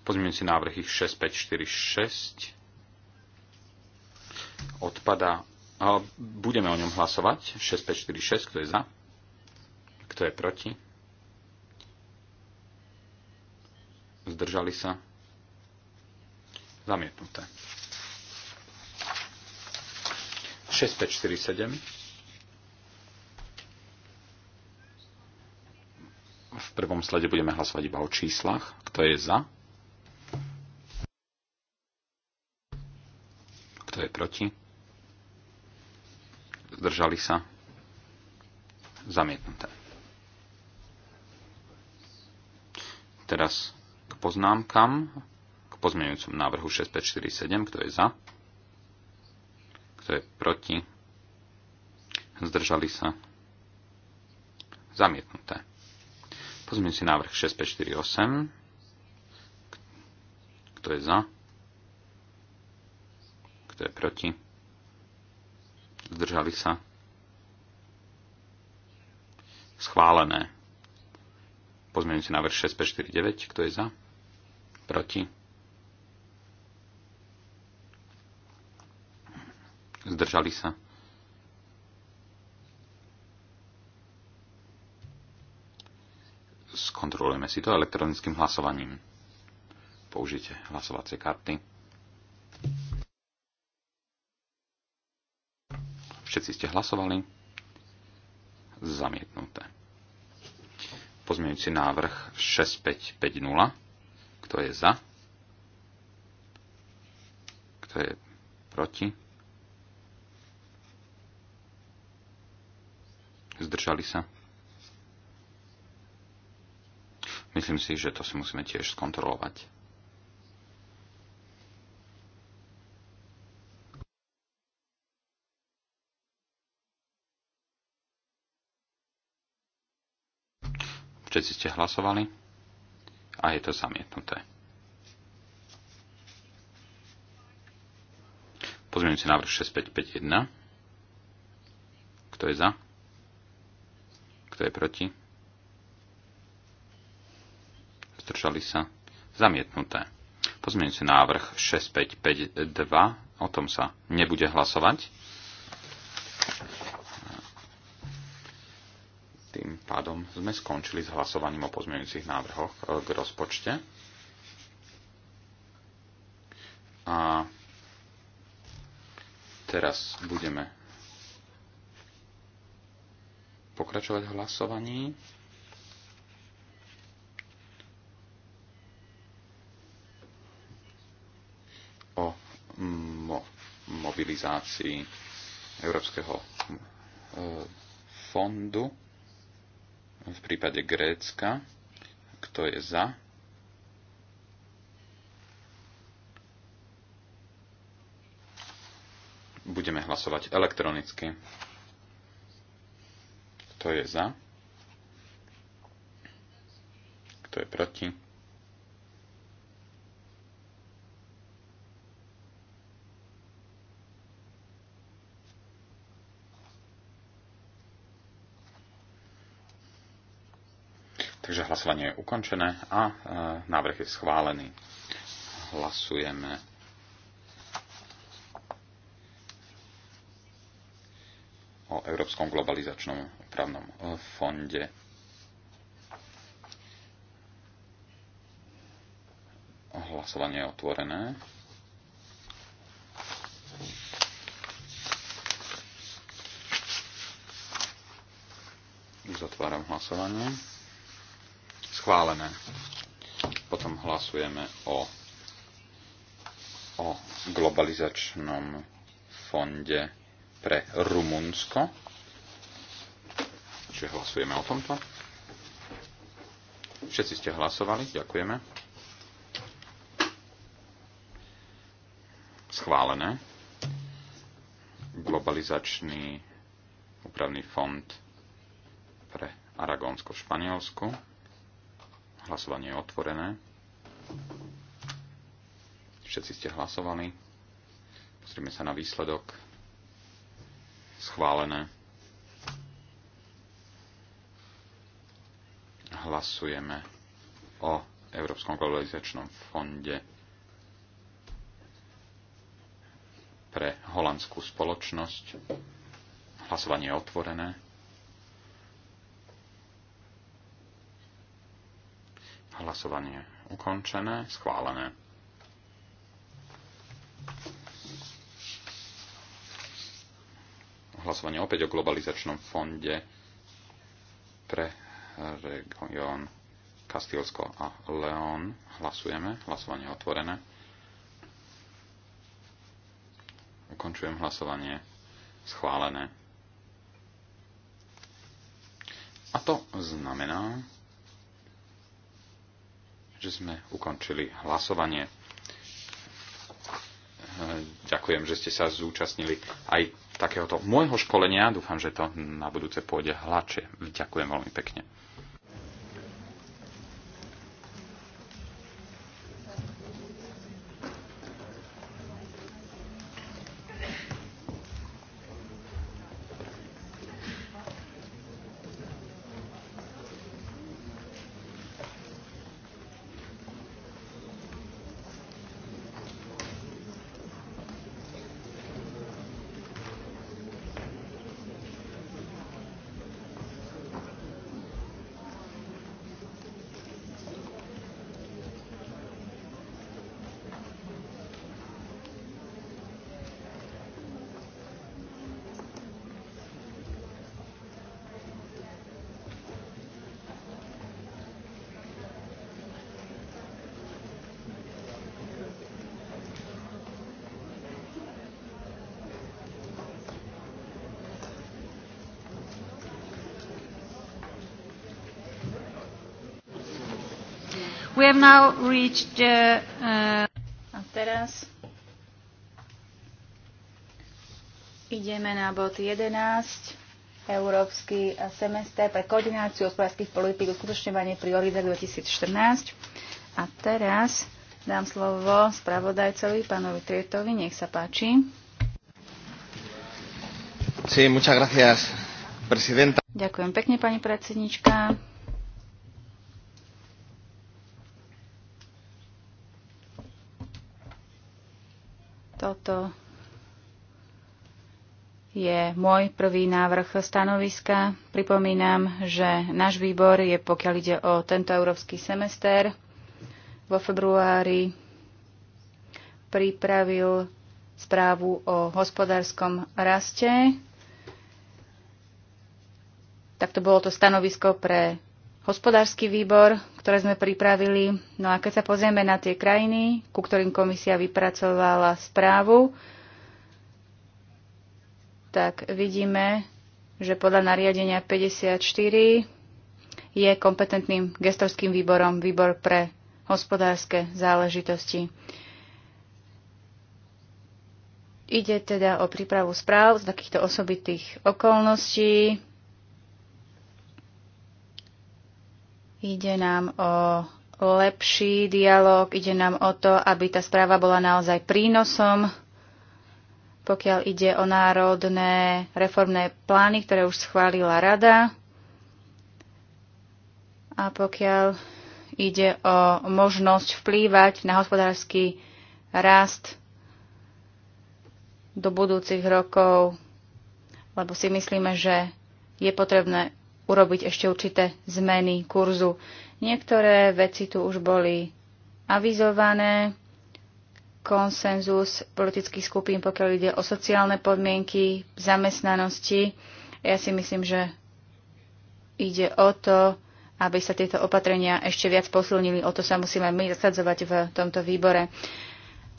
Pozmienujúci návrhy 6546 odpada. Budeme o ňom hlasovať. 6546, kto je za? Kto je proti? Zdržali sa? Zamietnuté. 6547. V prvom slede budeme hlasovať iba o číslach. Kto je za? Kto je proti? Zdržali sa? Zamietnuté. Teraz k poznámkam, k pozmeňujúcom návrhu 6547, kto je za, kto je proti, zdržali sa, zamietnuté. Pozmeňujúci návrh 6548, kto je za, kto je proti? Zdržali sa? Schválené. Pozmeňujúci návrh 6549. Kto je za? Proti? Zdržali sa? Skontrolujeme si to elektronickým hlasovaním. Použite hlasovacie karty. Všetci ste hlasovali. Zamietnuté. Pozmeňujúci návrh 6550. Kto je za? Kto je proti? Zdržali sa? Myslím si, že to si musíme tiež skontrolovať. Všetci ste hlasovali a je to zamietnuté. si návrh 6551. Kto je za? Kto je proti? Zdržali sa? Zamietnuté. si návrh 6552. O tom sa nebude hlasovať. pádom sme skončili s hlasovaním o pozmeňujúcich návrhoch e, k rozpočte. A teraz budeme pokračovať v hlasovaní. o mo- mobilizácii Európskeho e, fondu v prípade Grécka. Kto je za? Budeme hlasovať elektronicky. Kto je za? Kto je proti? Takže hlasovanie je ukončené a e, návrh je schválený. Hlasujeme. o Európskom globalizačnom právnom e, fonde. Hlasovanie je otvorené. Zatváram hlasovanie schválené. Potom hlasujeme o, o globalizačnom fonde pre Rumunsko. Čiže hlasujeme o tomto. Všetci ste hlasovali, ďakujeme. Schválené. Globalizačný úpravný fond pre Aragónsko v Španielsku. Hlasovanie je otvorené. Všetci ste hlasovali. Pozrieme sa na výsledok. Schválené. Hlasujeme o Európskom globalizačnom fonde pre holandskú spoločnosť. Hlasovanie je otvorené. Hlasovanie ukončené, schválené. Hlasovanie opäť o globalizačnom fonde pre región Kastilsko a León. Hlasujeme. Hlasovanie otvorené. Ukončujem hlasovanie. Schválené. A to znamená, že sme ukončili hlasovanie. Eh, ďakujem, že ste sa zúčastnili aj takéhoto môjho školenia. Dúfam, že to na budúce pôjde hladšie. Ďakujem veľmi pekne. have now reached uh, Uh, a teraz ideme na bod 11. Európsky semester pre koordináciu hospodárskych politík uskutočňovanie priorít 2014. A teraz dám slovo spravodajcovi, pánovi Trietovi. Nech sa páči. Sí, muchas gracias, presidenta. Ďakujem pekne, pani predsednička. môj prvý návrh stanoviska. Pripomínam, že náš výbor je, pokiaľ ide o tento európsky semester, vo februári pripravil správu o hospodárskom raste. Takto bolo to stanovisko pre hospodársky výbor, ktoré sme pripravili. No a keď sa pozrieme na tie krajiny, ku ktorým komisia vypracovala správu, tak vidíme, že podľa nariadenia 54 je kompetentným gestorským výborom výbor pre hospodárske záležitosti. Ide teda o prípravu správ z takýchto osobitých okolností. Ide nám o lepší dialog, ide nám o to, aby tá správa bola naozaj prínosom pokiaľ ide o národné reformné plány, ktoré už schválila Rada a pokiaľ ide o možnosť vplývať na hospodársky rast do budúcich rokov, lebo si myslíme, že je potrebné urobiť ešte určité zmeny kurzu. Niektoré veci tu už boli avizované konsenzus politických skupín, pokiaľ ide o sociálne podmienky, zamestnanosti. Ja si myslím, že ide o to, aby sa tieto opatrenia ešte viac posilnili. O to sa musíme my zasadzovať v tomto výbore.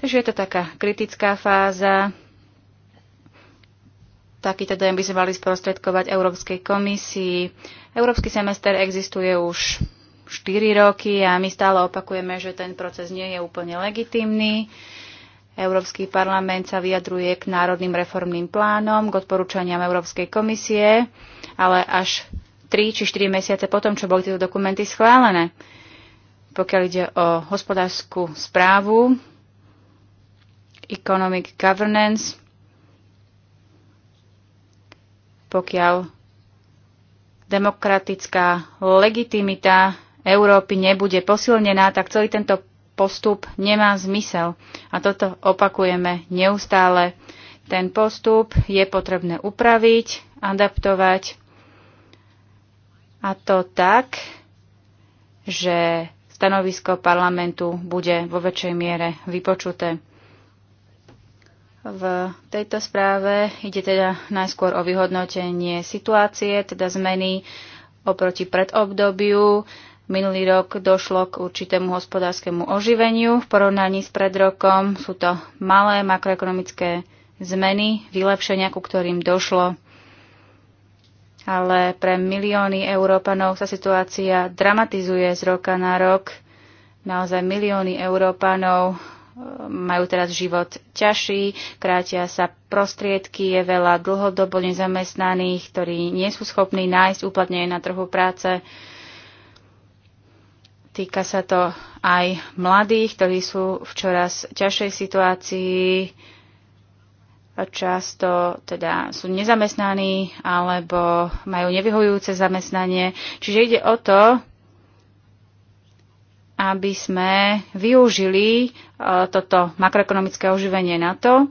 Takže je to taká kritická fáza. Takýto dojem by sme mali sprostredkovať Európskej komisii. Európsky semester existuje už 4 roky a my stále opakujeme, že ten proces nie je úplne legitimný. Európsky parlament sa vyjadruje k národným reformným plánom, k odporúčaniam Európskej komisie, ale až 3 či 4 mesiace potom, čo boli tieto dokumenty schválené. Pokiaľ ide o hospodárskú správu, economic governance, pokiaľ demokratická legitimita Európy nebude posilnená, tak celý tento postup nemá zmysel. A toto opakujeme neustále. Ten postup je potrebné upraviť, adaptovať a to tak, že stanovisko parlamentu bude vo väčšej miere vypočuté. V tejto správe ide teda najskôr o vyhodnotenie situácie, teda zmeny oproti predobdobiu, Minulý rok došlo k určitému hospodárskému oživeniu v porovnaní s pred rokom. Sú to malé makroekonomické zmeny, vylepšenia, ku ktorým došlo. Ale pre milióny Európanov sa situácia dramatizuje z roka na rok. Naozaj milióny Európanov e, majú teraz život ťažší, krátia sa prostriedky, je veľa dlhodobo nezamestnaných, ktorí nie sú schopní nájsť uplatnenie na trhu práce. Týka sa to aj mladých, ktorí sú v čoraz ťažšej situácii, často teda sú nezamestnaní alebo majú nevyhojujúce zamestnanie. Čiže ide o to, aby sme využili e, toto makroekonomické oživenie na to,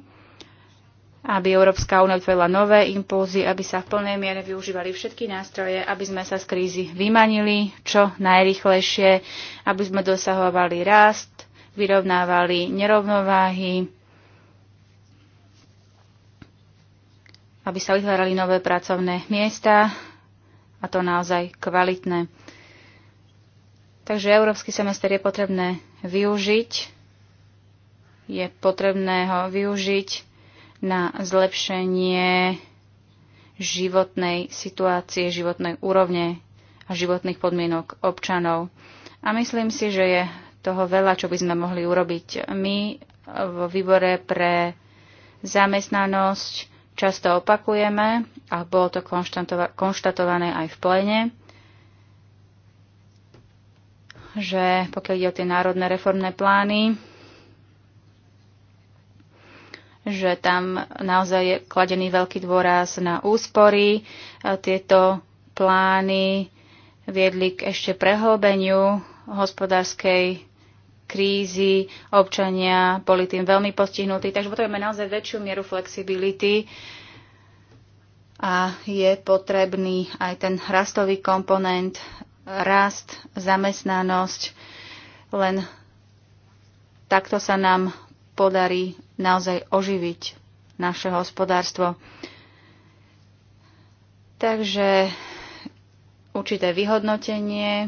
aby Európska únia vytvorila nové impulzy, aby sa v plnej miere využívali všetky nástroje, aby sme sa z krízy vymanili čo najrychlejšie, aby sme dosahovali rast, vyrovnávali nerovnováhy, aby sa vytvárali nové pracovné miesta a to naozaj kvalitné. Takže európsky semester je potrebné využiť, je potrebné ho využiť na zlepšenie životnej situácie, životnej úrovne a životných podmienok občanov. A myslím si, že je toho veľa, čo by sme mohli urobiť my vo výbore pre zamestnanosť. Často opakujeme, a bolo to konštatované aj v plene, že pokiaľ ide o tie národné reformné plány, že tam naozaj je kladený veľký dôraz na úspory. Tieto plány viedli k ešte prehlbeniu hospodárskej krízy, občania boli tým veľmi postihnutí, takže potrebujeme naozaj väčšiu mieru flexibility a je potrebný aj ten rastový komponent, rast, zamestnanosť. Len takto sa nám podarí naozaj oživiť naše hospodárstvo. Takže určité vyhodnotenie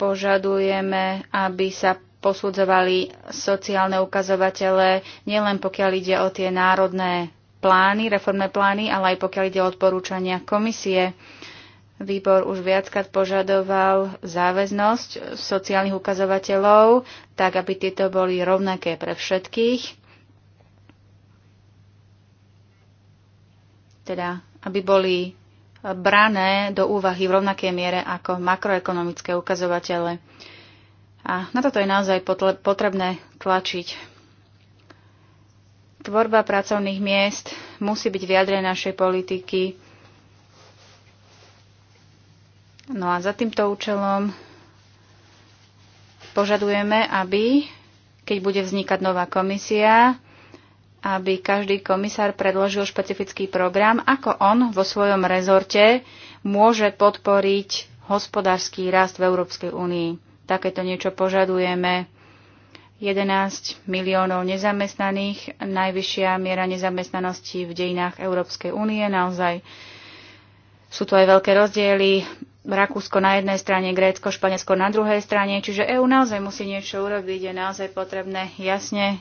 požadujeme, aby sa posudzovali sociálne ukazovatele nielen pokiaľ ide o tie národné plány, reformné plány, ale aj pokiaľ ide o odporúčania komisie. Výbor už viackrát požadoval záväznosť sociálnych ukazovateľov, tak aby tieto boli rovnaké pre všetkých. Teda, aby boli brané do úvahy v rovnakej miere ako makroekonomické ukazovatele. A na toto je naozaj potrebné tlačiť. Tvorba pracovných miest musí byť vyjadrená našej politiky No a za týmto účelom požadujeme, aby, keď bude vznikať nová komisia, aby každý komisár predložil špecifický program, ako on vo svojom rezorte môže podporiť hospodársky rast v Európskej únii. Takéto niečo požadujeme. 11 miliónov nezamestnaných, najvyššia miera nezamestnanosti v dejinách Európskej únie. Naozaj sú tu aj veľké rozdiely Rakúsko na jednej strane, Grécko, Španielsko na druhej strane, čiže EÚ naozaj musí niečo urobiť, je naozaj potrebné jasne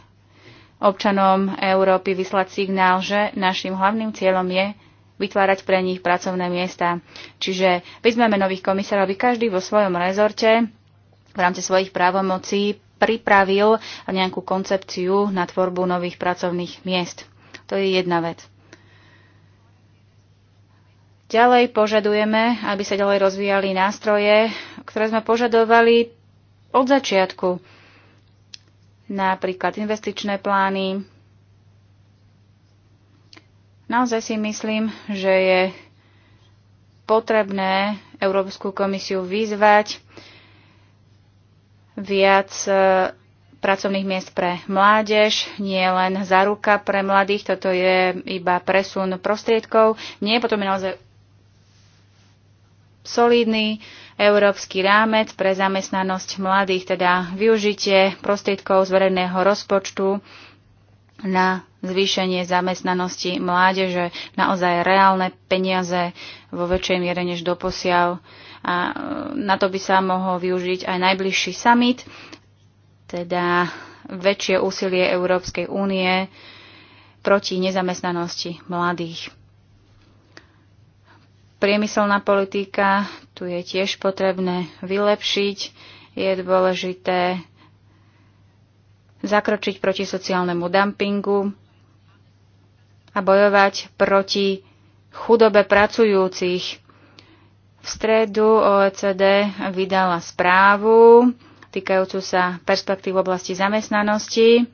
občanom Európy vyslať signál, že našim hlavným cieľom je vytvárať pre nich pracovné miesta. Čiže vyzmeme nových komisárov, aby každý vo svojom rezorte v rámci svojich právomocí pripravil nejakú koncepciu na tvorbu nových pracovných miest. To je jedna vec. Ďalej požadujeme, aby sa ďalej rozvíjali nástroje, ktoré sme požadovali od začiatku. Napríklad investičné plány. Naozaj si myslím, že je potrebné Európsku komisiu vyzvať viac e, pracovných miest pre mládež, nie len záruka pre mladých, toto je iba presun prostriedkov. Nie, potom je naozaj solidný európsky rámec pre zamestnanosť mladých, teda využitie prostriedkov z verejného rozpočtu na zvýšenie zamestnanosti mládeže, naozaj reálne peniaze vo väčšej miere než doposiaľ. A e, na to by sa mohol využiť aj najbližší summit, teda väčšie úsilie Európskej únie proti nezamestnanosti mladých. Priemyselná politika, tu je tiež potrebné vylepšiť. Je dôležité zakročiť proti sociálnemu dumpingu a bojovať proti chudobe pracujúcich. V stredu OECD vydala správu týkajúcu sa perspektív v oblasti zamestnanosti.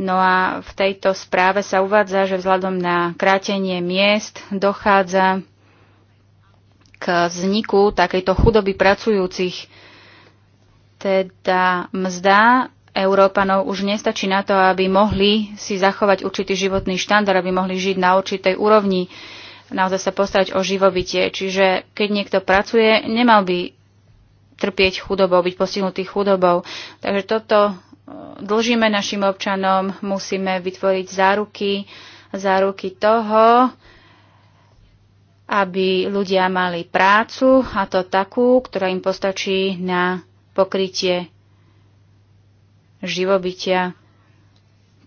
No a v tejto správe sa uvádza, že vzhľadom na krátenie miest dochádza k vzniku takejto chudoby pracujúcich. Teda mzda Európanov už nestačí na to, aby mohli si zachovať určitý životný štandard, aby mohli žiť na určitej úrovni, naozaj sa postarať o živobytie. Čiže keď niekto pracuje, nemal by trpieť chudobou, byť postihnutý chudobou. Takže toto e, dlžíme našim občanom, musíme vytvoriť záruky, záruky toho, aby ľudia mali prácu, a to takú, ktorá im postačí na pokrytie živobytia,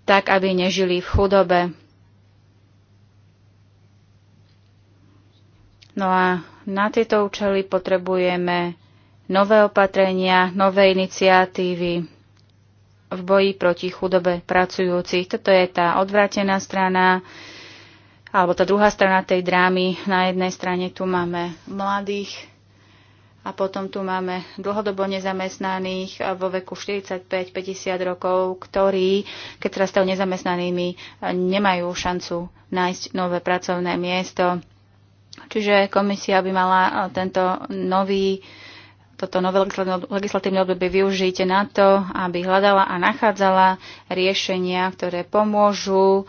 tak aby nežili v chudobe. No a na tieto účely potrebujeme nové opatrenia, nové iniciatívy v boji proti chudobe pracujúcich. Toto je tá odvrátená strana alebo tá druhá strana tej drámy. Na jednej strane tu máme mladých a potom tu máme dlhodobo nezamestnaných vo veku 45-50 rokov, ktorí, keď sa stajú nezamestnanými, nemajú šancu nájsť nové pracovné miesto. Čiže komisia by mala eh, tento nový toto nové legislatívne obdobie využite na to, aby hľadala a nachádzala riešenia, ktoré pomôžu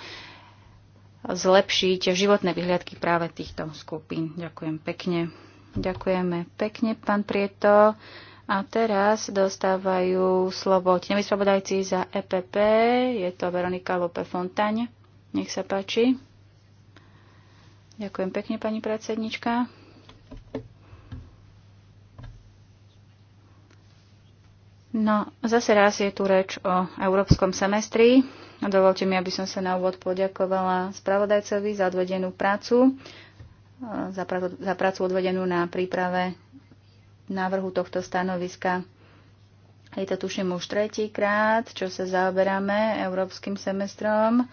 zlepšiť životné vyhliadky práve týchto skupín. Ďakujem pekne. Ďakujeme pekne, pán Prieto. A teraz dostávajú slovo tieňoví spravodajci za EPP. Je to Veronika Lope Fontaň. Nech sa páči. Ďakujem pekne, pani predsednička. No, zase raz je tu reč o európskom semestri. A dovolte mi, aby som sa na úvod poďakovala spravodajcovi za odvedenú prácu, za prácu, za prácu odvedenú na príprave návrhu tohto stanoviska. Je to tuším už tretíkrát, čo sa zaoberáme európskym semestrom.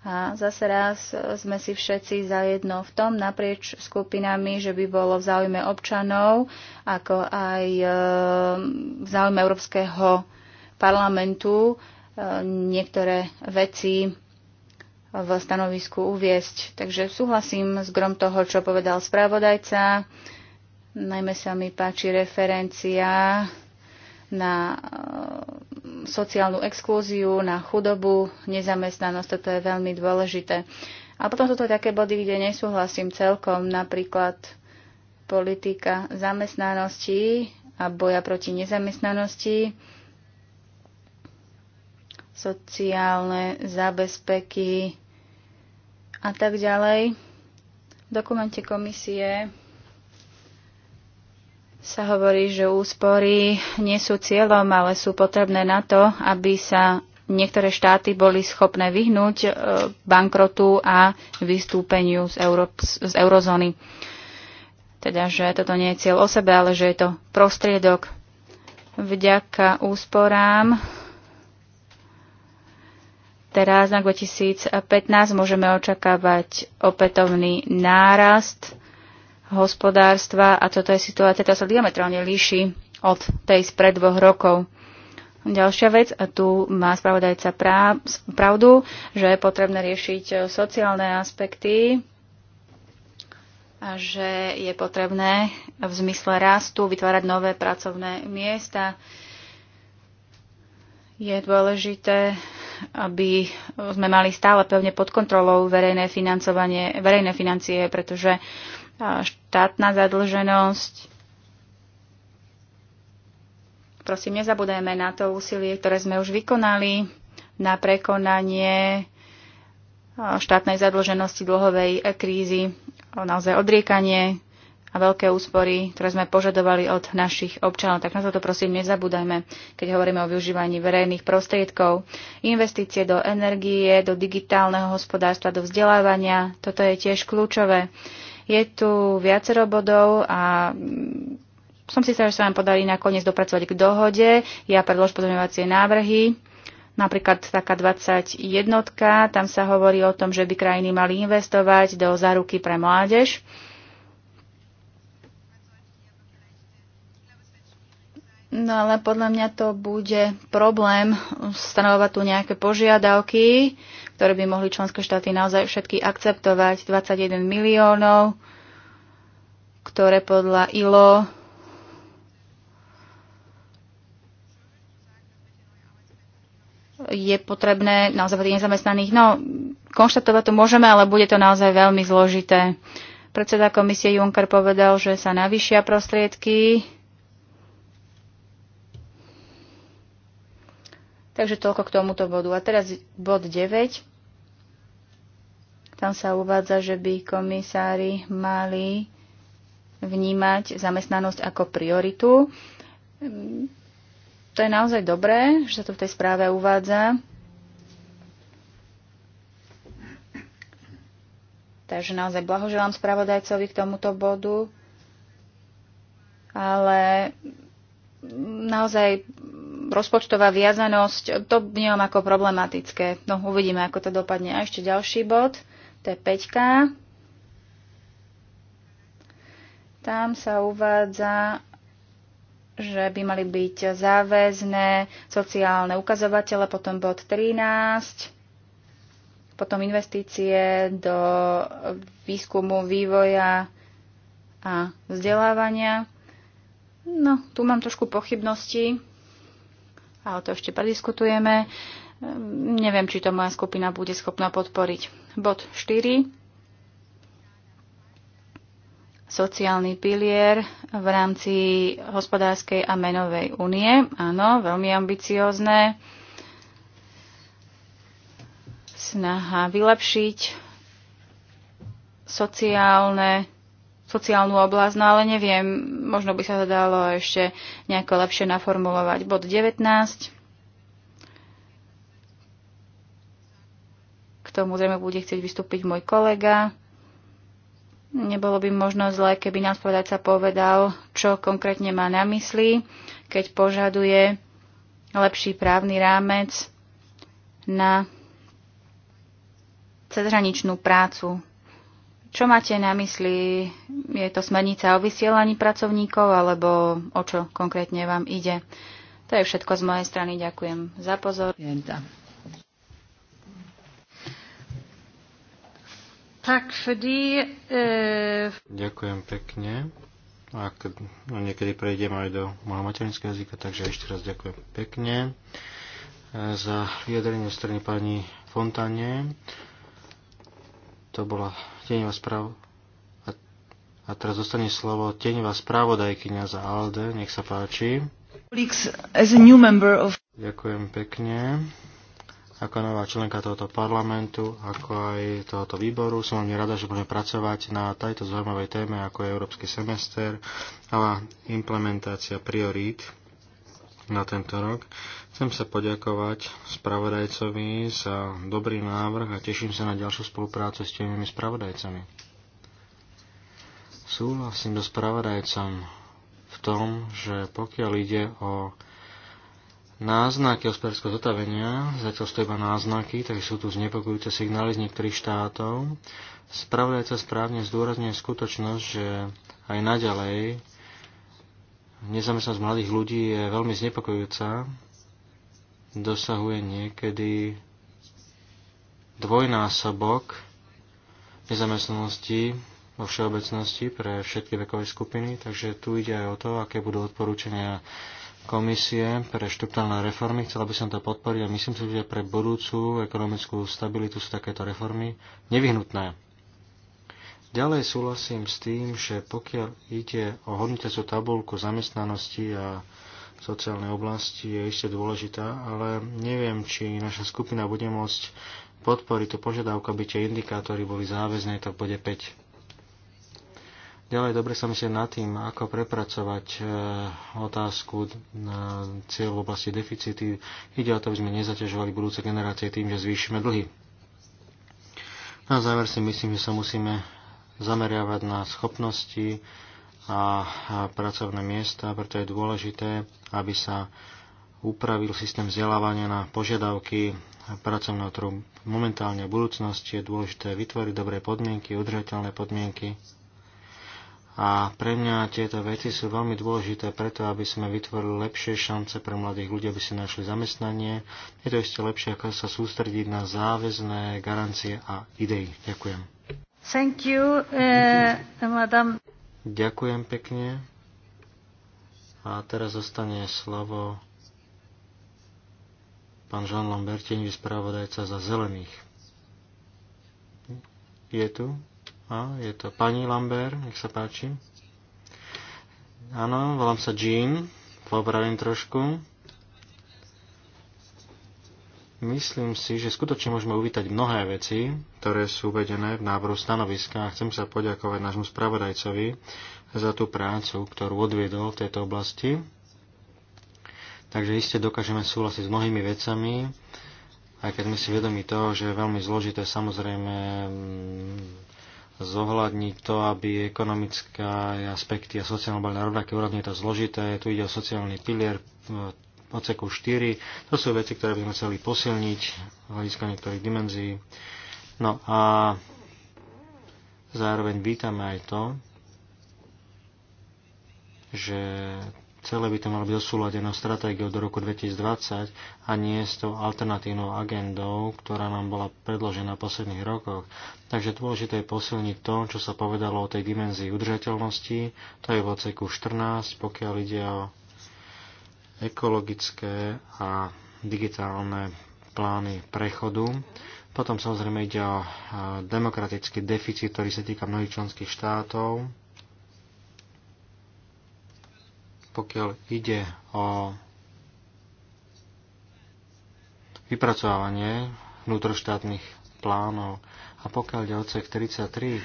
A zase raz sme si všetci zajedno v tom naprieč skupinami, že by bolo v záujme občanov, ako aj e, v záujme európskeho parlamentu e, niektoré veci v stanovisku uviesť. Takže súhlasím s grom toho, čo povedal správodajca. Najmä sa mi páči referencia na e, sociálnu exklúziu, na chudobu, nezamestnanosť. Toto je veľmi dôležité. A potom sú to také body, kde nesúhlasím celkom, napríklad politika zamestnanosti a boja proti nezamestnanosti sociálne zabezpeky a tak ďalej. V dokumente komisie sa hovorí, že úspory nie sú cieľom, ale sú potrebné na to, aby sa niektoré štáty boli schopné vyhnúť e, bankrotu a vystúpeniu z, euro, z eurozóny. Teda, že toto nie je cieľ o sebe, ale že je to prostriedok. Vďaka úsporám teraz na 2015 môžeme očakávať opätovný nárast hospodárstva a toto je situácia, ktorá sa diametrálne líši od tej spred dvoch rokov. Ďalšia vec, a tu má spravodajca pravdu, že je potrebné riešiť sociálne aspekty a že je potrebné v zmysle rastu vytvárať nové pracovné miesta. Je dôležité aby sme mali stále pevne pod kontrolou verejné, financovanie, verejné financie, pretože štátna zadlženosť. Prosím, nezabudajme na to úsilie, ktoré sme už vykonali na prekonanie štátnej zadlženosti dlhovej krízy, naozaj odriekanie a veľké úspory, ktoré sme požadovali od našich občanov. Tak na toto prosím nezabúdajme, keď hovoríme o využívaní verejných prostriedkov. Investície do energie, do digitálneho hospodárstva, do vzdelávania, toto je tiež kľúčové. Je tu viacero bodov a mm, som si sa, že sa vám podarí nakoniec dopracovať k dohode. Ja predlož pozmeňovacie návrhy napríklad taká 21, tam sa hovorí o tom, že by krajiny mali investovať do záruky pre mládež. No ale podľa mňa to bude problém stanovovať tu nejaké požiadavky, ktoré by mohli členské štáty naozaj všetky akceptovať. 21 miliónov, ktoré podľa ILO je potrebné naozaj tých nezamestnaných. No, konštatovať to môžeme, ale bude to naozaj veľmi zložité. Predseda komisie Juncker povedal, že sa navýšia prostriedky Takže toľko k tomuto bodu. A teraz bod 9. Tam sa uvádza, že by komisári mali vnímať zamestnanosť ako prioritu. Mm, to je naozaj dobré, že sa to v tej správe uvádza. Takže naozaj blahoželám spravodajcovi k tomuto bodu. Ale naozaj rozpočtová viazanosť, to vnímam ako problematické. No uvidíme, ako to dopadne. A ešte ďalší bod, to je 5. Tam sa uvádza, že by mali byť záväzné sociálne ukazovatele, potom bod 13 potom investície do výskumu, vývoja a vzdelávania. No, tu mám trošku pochybnosti, ale to ešte prediskutujeme. Neviem, či to moja skupina bude schopná podporiť. Bod 4. Sociálny pilier v rámci hospodárskej a menovej únie. Áno, veľmi ambiciózne. Snaha vylepšiť sociálne sociálnu oblasť, no ale neviem, možno by sa to dalo ešte nejako lepšie naformulovať. Bod 19. K tomu zrejme bude chcieť vystúpiť môj kolega. Nebolo by možno zle, keby nás povedať sa povedal, čo konkrétne má na mysli, keď požaduje lepší právny rámec na cezhraničnú prácu čo máte na mysli? Je to smernica o vysielaní pracovníkov, alebo o čo konkrétne vám ide? To je všetko z mojej strany. Ďakujem za pozor. Tak vždy... E... Ďakujem pekne. A no, niekedy prejdem aj do môjho materinského jazyka, takže ešte raz ďakujem pekne eh, za vyjadrenie strany pani Fontane to bola tieňová správa. A, a teraz dostane slovo tieňová správodajkyňa za ALDE, nech sa páči. Of... Ďakujem pekne. Ako nová členka tohoto parlamentu, ako aj tohoto výboru, som veľmi rada, že budeme pracovať na tejto zaujímavej téme, ako je Európsky semester a implementácia priorít na tento rok. Chcem sa poďakovať spravodajcovi za dobrý návrh a teším sa na ďalšiu spoluprácu s tými spravodajcami. Súhlasím so spravodajcom v tom, že pokiaľ ide o náznaky hospodárskeho zotavenia, zatiaľ sú to iba náznaky, takže sú tu znepokojúce signály z niektorých štátov. Spravodajca správne zdôrazňuje skutočnosť, že aj naďalej nezamestnanosť mladých ľudí je veľmi znepokojujúca dosahuje niekedy dvojnásobok nezamestnanosti vo všeobecnosti pre všetky vekové skupiny, takže tu ide aj o to, aké budú odporúčania komisie pre štruktúrne reformy. Chcela by som to podporiť a myslím si, že pre budúcu ekonomickú stabilitu sú takéto reformy nevyhnutné. Ďalej súhlasím s tým, že pokiaľ ide o hodnotiacu tabulku zamestnanosti a sociálnej oblasti je ešte dôležitá, ale neviem, či naša skupina bude môcť podporiť tú požiadavku, aby tie indikátory boli záväzné, tak bude 5. Ďalej dobre sa myslím nad tým, ako prepracovať e, otázku na cieľ v oblasti deficity. Ide o to, aby sme nezaťažovali budúce generácie tým, že zvýšime dlhy. Na záver si myslím, že sa musíme zameriavať na schopnosti a pracovné miesta, preto je dôležité, aby sa upravil systém vzdelávania na požiadavky pracovného trhu. Momentálne v budúcnosti je dôležité vytvoriť dobré podmienky, udržateľné podmienky. A pre mňa tieto veci sú veľmi dôležité preto, aby sme vytvorili lepšie šance pre mladých ľudí, aby si našli zamestnanie. Je to ešte lepšie, ako sa sústrediť na záväzné garancie a idei. Ďakujem. Thank you, uh, madam. Ďakujem pekne. A teraz zostane slovo pán Žan Lambert, tenivý spravodajca za zelených. Je tu? A, je to pani Lambert, nech sa páči. Áno, volám sa Jean, popravím trošku. Myslím si, že skutočne môžeme uvítať mnohé veci, ktoré sú uvedené v návrhu stanoviska. a Chcem sa poďakovať nášmu spravodajcovi za tú prácu, ktorú odviedol v tejto oblasti. Takže iste dokážeme súhlasiť s mnohými vecami, aj keď sme si vedomi toho, že je veľmi zložité samozrejme mm, zohľadniť to, aby ekonomické aspekty a sociálne boli na rovnaké úrovni, je to zložité. Tu ide o sociálny pilier, odseku 4. To sú veci, ktoré by sme chceli posilniť v hľadiska niektorých dimenzií. No a zároveň vítame aj to, že celé by to malo byť osúladenou stratégiou do roku 2020 a nie s tou alternatívnou agendou, ktorá nám bola predložená v posledných rokoch. Takže dôležité je posilniť to, čo sa povedalo o tej dimenzii udržateľnosti, to je v odseku 14, pokiaľ ide o ekologické a digitálne plány prechodu. Potom samozrejme ide o demokratický deficit, ktorý sa týka mnohých členských štátov. Pokiaľ ide o vypracovanie vnútroštátnych plánov a pokiaľ ide odsek 33,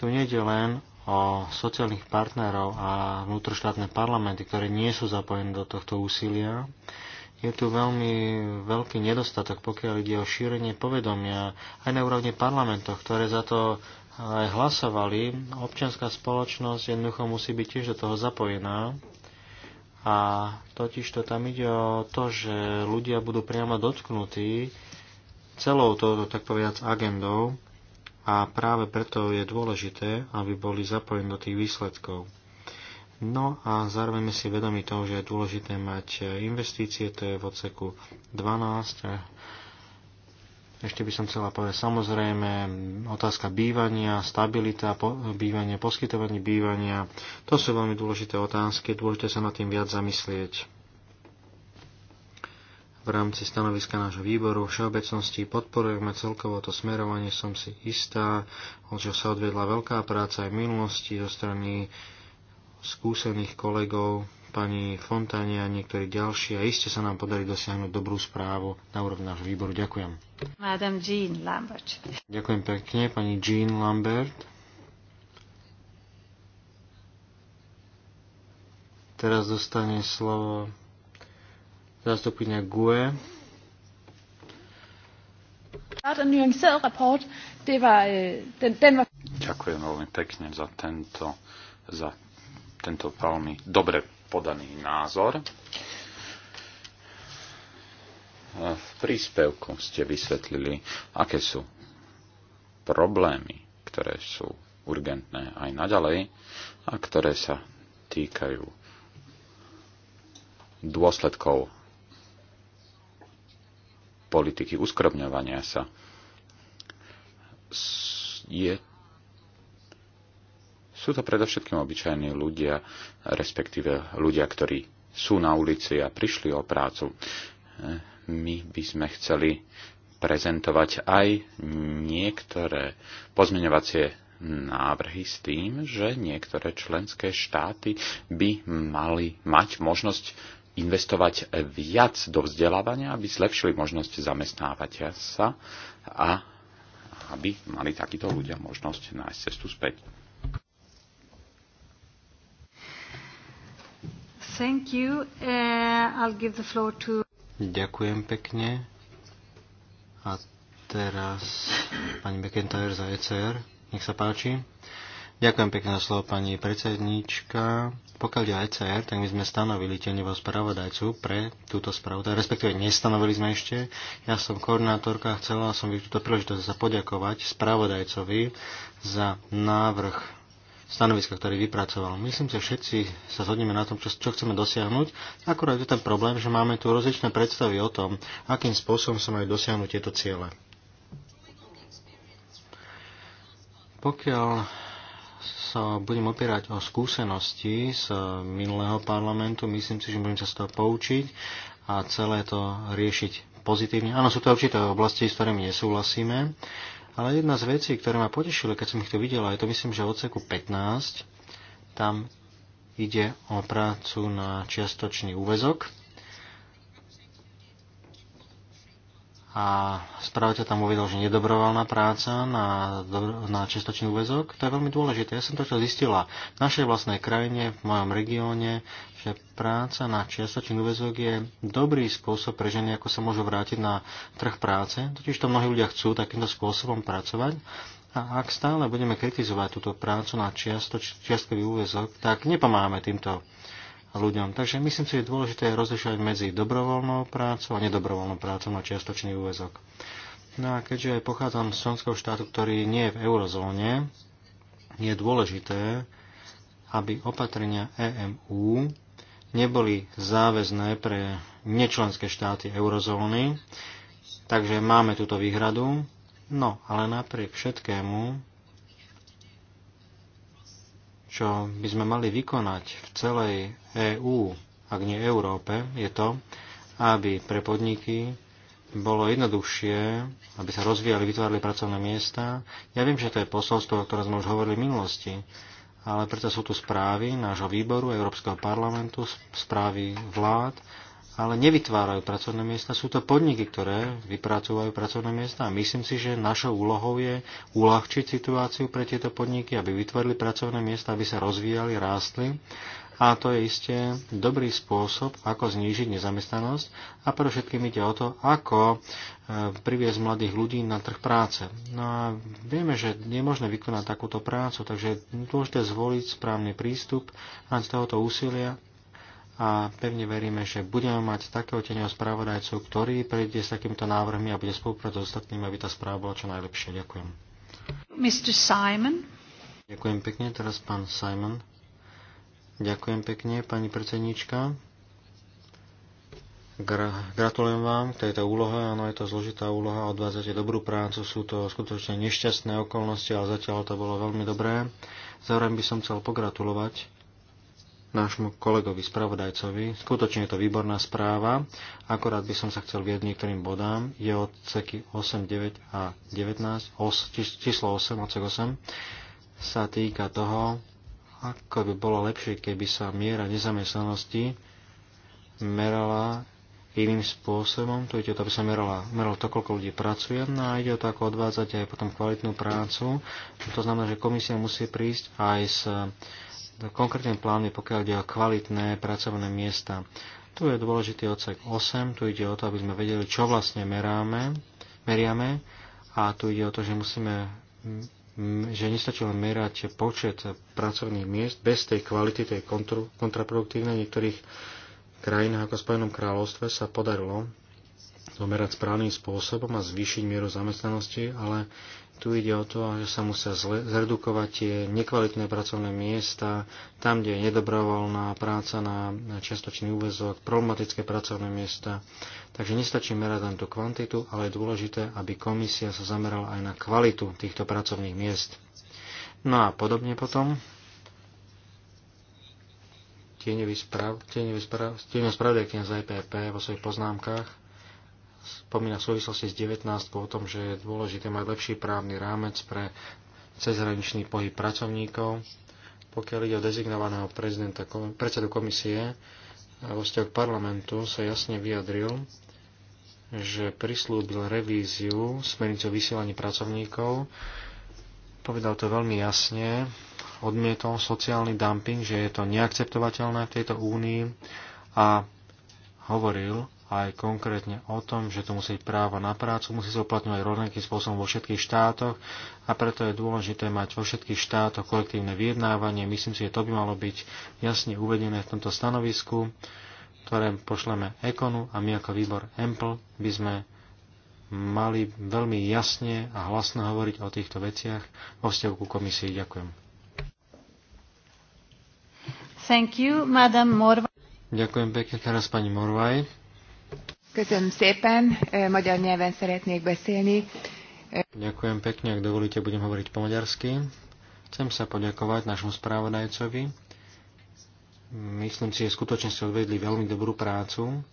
tu nejde len o sociálnych partnerov a vnútroštátne parlamenty, ktoré nie sú zapojené do tohto úsilia, je tu veľmi veľký nedostatok, pokiaľ ide o šírenie povedomia aj na úrovni parlamentov, ktoré za to aj hlasovali. Občianská spoločnosť jednoducho musí byť tiež do toho zapojená. A totiž to tam ide o to, že ľudia budú priamo dotknutí celou touto, tak povedať, agendou a práve preto je dôležité, aby boli zapojení do tých výsledkov. No a zároveň si vedomi toho, že je dôležité mať investície, to je v odseku 12. Ešte by som chcela povedať, samozrejme, otázka bývania, stabilita, po, bývanie, poskytovanie bývania, to sú veľmi dôležité otázky, dôležité sa nad tým viac zamyslieť v rámci stanoviska nášho výboru. všeobecnosti podporujeme celkovo to smerovanie, som si istá, že sa odvedla veľká práca aj v minulosti zo strany skúsených kolegov, pani Fontáne a niektorí ďalší a iste sa nám podarí dosiahnuť dobrú správu na úrovni nášho výboru. Ďakujem. Madam Jean Lambert. Ďakujem pekne, pani Jean Lambert. Teraz dostane slovo zastupkynia GUE. Øh, Ďakujem veľmi pekne za tento, za tento veľmi dobre podaný názor. V príspevku ste vysvetlili, aké sú problémy, ktoré sú urgentné aj naďalej a ktoré sa týkajú dôsledkov politiky uskromňovania sa. Je, sú to predovšetkým obyčajní ľudia, respektíve ľudia, ktorí sú na ulici a prišli o prácu. My by sme chceli prezentovať aj niektoré pozmeňovacie návrhy s tým, že niektoré členské štáty by mali mať možnosť investovať viac do vzdelávania, aby zlepšili možnosť zamestnávať sa a aby mali takíto ľudia možnosť nájsť cestu späť. Thank you. Uh, I'll give the floor to... Ďakujem pekne. A teraz pani McIntyre za ECR. Nech sa páči. Ďakujem pekne za slovo, pani predsednička. Pokiaľ ide ECR, tak my sme stanovili tieňového spravodajcu pre túto správu, teda respektíve nestanovili sme ešte. Ja som koordinátorka, chcela som by túto príležitosť sa poďakovať spravodajcovi za návrh stanoviska, ktorý vypracoval. Myslím, že všetci sa zhodneme na tom, čo, čo chceme dosiahnuť. Akurát je ten problém, že máme tu rozličné predstavy o tom, akým spôsobom sa majú dosiahnuť tieto ciele. Pokiaľ sa budem opierať o skúsenosti z e, minulého parlamentu. Myslím si, že budem sa z toho poučiť a celé to riešiť pozitívne. Áno, sú to určité oblasti, s ktorými nesúhlasíme, ale jedna z vecí, ktoré ma potešili, keď som ich to videla, je to myslím, že v odseku 15, tam ide o prácu na čiastočný úvezok. a správca tam uvedol, že nedobrovoľná práca na, na čistočný úvezok, to je veľmi dôležité. Ja som to zistila v našej vlastnej krajine, v mojom regióne, že práca na čiastočný úvezok je dobrý spôsob pre ženy, ako sa môžu vrátiť na trh práce. Totiž to mnohí ľudia chcú takýmto spôsobom pracovať. A ak stále budeme kritizovať túto prácu na čiastočný čiastkový úvezok, tak nepomáhame týmto ľuďom. Takže myslím si, že je dôležité rozlišovať medzi dobrovoľnou prácou a nedobrovoľnou prácou na čiastočný úvezok. No a keďže pochádzam z členského štátu, ktorý nie je v eurozóne, je dôležité, aby opatrenia EMU neboli záväzné pre nečlenské štáty eurozóny, takže máme túto výhradu. No, ale napriek všetkému čo by sme mali vykonať v celej EÚ, ak nie Európe, je to, aby pre podniky bolo jednoduchšie, aby sa rozvíjali, vytvárali pracovné miesta. Ja viem, že to je posolstvo, o ktorom sme už hovorili v minulosti, ale preto sú tu správy nášho výboru, Európskeho parlamentu, správy vlád ale nevytvárajú pracovné miesta. Sú to podniky, ktoré vypracovajú pracovné miesta a myslím si, že našou úlohou je uľahčiť situáciu pre tieto podniky, aby vytvorili pracovné miesta, aby sa rozvíjali, rástli. A to je isté dobrý spôsob, ako znížiť nezamestnanosť a pre všetkým ide o to, ako e, priviesť mladých ľudí na trh práce. No a vieme, že nie je možné vykonať takúto prácu, takže dôležité zvoliť správny prístup a z tohoto úsilia a pevne veríme, že budeme mať takého teňa správodajcu, ktorý prejde s takýmito návrhmi a bude spolupracovať s ostatnými, aby tá správa bola čo najlepšia. Ďakujem. Mr. Simon. Ďakujem pekne, teraz pán Simon. Ďakujem pekne, pani predsednička. Gra- gratulujem vám k tejto úlohe, áno, je to zložitá úloha, odvádzate dobrú prácu, sú to skutočne nešťastné okolnosti, ale zatiaľ to bolo veľmi dobré. Zároveň by som chcel pogratulovať nášmu kolegovi spravodajcovi. Skutočne je to výborná správa, akorát by som sa chcel viedť niektorým bodám. Je ceky 8, 9 a 19, os, číslo 8, odsek 8, sa týka toho, ako by bolo lepšie, keby sa miera nezamestnanosti merala iným spôsobom. Tu ide o to, aby sa merala, meralo to, koľko ľudí pracuje no a ide o to, ako odvádzať aj potom kvalitnú prácu. To znamená, že komisia musí prísť aj s konkrétne plány, pokiaľ ide o kvalitné pracovné miesta. Tu je dôležitý odsek 8, tu ide o to, aby sme vedeli, čo vlastne meráme, meriame a tu ide o to, že musíme mm, že len merať počet pracovných miest bez tej kvality, tej kontraproduktívnej. V niektorých krajinách ako Spojenom kráľovstve sa podarilo to merať správnym spôsobom a zvýšiť mieru zamestnanosti, ale tu ide o to, že sa musia zredukovať tie nekvalitné pracovné miesta, tam, kde je nedobrovoľná práca na čiastočný úvezok, problematické pracovné miesta. Takže nestačí merať len tú kvantitu, ale je dôležité, aby komisia sa zamerala aj na kvalitu týchto pracovných miest. No a podobne potom tieňový sprav, tieňový tieňový z EPP vo svojich poznámkach spomína v súvislosti s 19 o tom, že je dôležité mať lepší právny rámec pre cezhraničný pohyb pracovníkov. Pokiaľ ide o dezignovaného prezidenta, predsedu komisie, vo vzťahu k parlamentu sa jasne vyjadril, že prislúbil revíziu smernice o vysielaní pracovníkov. Povedal to veľmi jasne, odmietol sociálny dumping, že je to neakceptovateľné v tejto únii a hovoril, aj konkrétne o tom, že to musí byť právo na prácu, musí sa uplatňovať rovnakým spôsobom vo všetkých štátoch a preto je dôležité mať vo všetkých štátoch kolektívne vyjednávanie. Myslím si, že to by malo byť jasne uvedené v tomto stanovisku, ktoré pošleme Ekonu a my ako výbor EMPL by sme mali veľmi jasne a hlasno hovoriť o týchto veciach vo vzťahu ku komisii. Ďakujem. Thank you, Madam Morvaj. Ďakujem pekne teraz pani Morvaj magyar nyelven szeretnék beszélni. Ďakujem pekne, ak dovolíte, budem hovoriť po maďarsky. Chcem sa poďakovať nášmu správodajcovi. Myslím si, že skutočne ste odvedli veľmi dobrú prácu.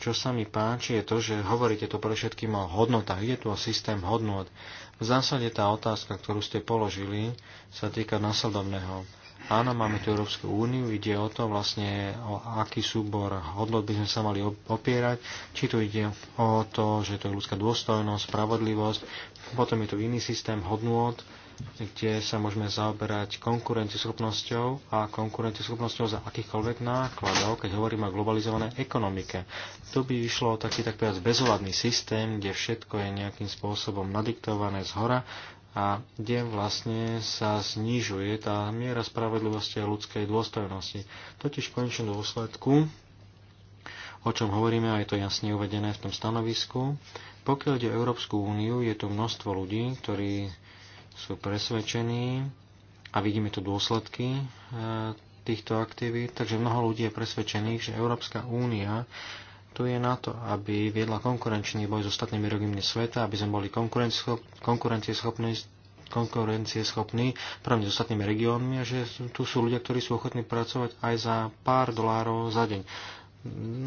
Čo sa mi páči je to, že hovoríte to pre všetkým o hodnotách. Ide tu o systém hodnot. V zásade tá otázka, ktorú ste položili, sa týka následovného Áno, máme tu Európsku úniu, ide o to vlastne, o aký súbor hodnot by sme sa mali opierať, či tu ide o to, že to je ľudská dôstojnosť, spravodlivosť, potom je tu iný systém hodnot, kde sa môžeme zaoberať konkurencieschopnosťou a konkurencieschopnosťou za akýchkoľvek nákladov, keď hovoríme o globalizovanej ekonomike. Tu by išlo o taký tak povedať bezvládny systém, kde všetko je nejakým spôsobom nadiktované z hora a kde vlastne sa znižuje tá miera spravedlivosti a ľudskej dôstojnosti. Totiž v končnom dôsledku, o čom hovoríme, a je to jasne uvedené v tom stanovisku, pokiaľ ide Európsku úniu, je tu množstvo ľudí, ktorí sú presvedčení a vidíme tu dôsledky e, týchto aktivít, takže mnoho ľudí je presvedčených, že Európska únia tu je na to, aby viedla konkurenčný boj s ostatnými regiónmi sveta, aby sme boli konkurencieschopní konkurencieschopní porovne s ostatnými regiónmi a že tu sú ľudia, ktorí sú ochotní pracovať aj za pár dolárov za deň.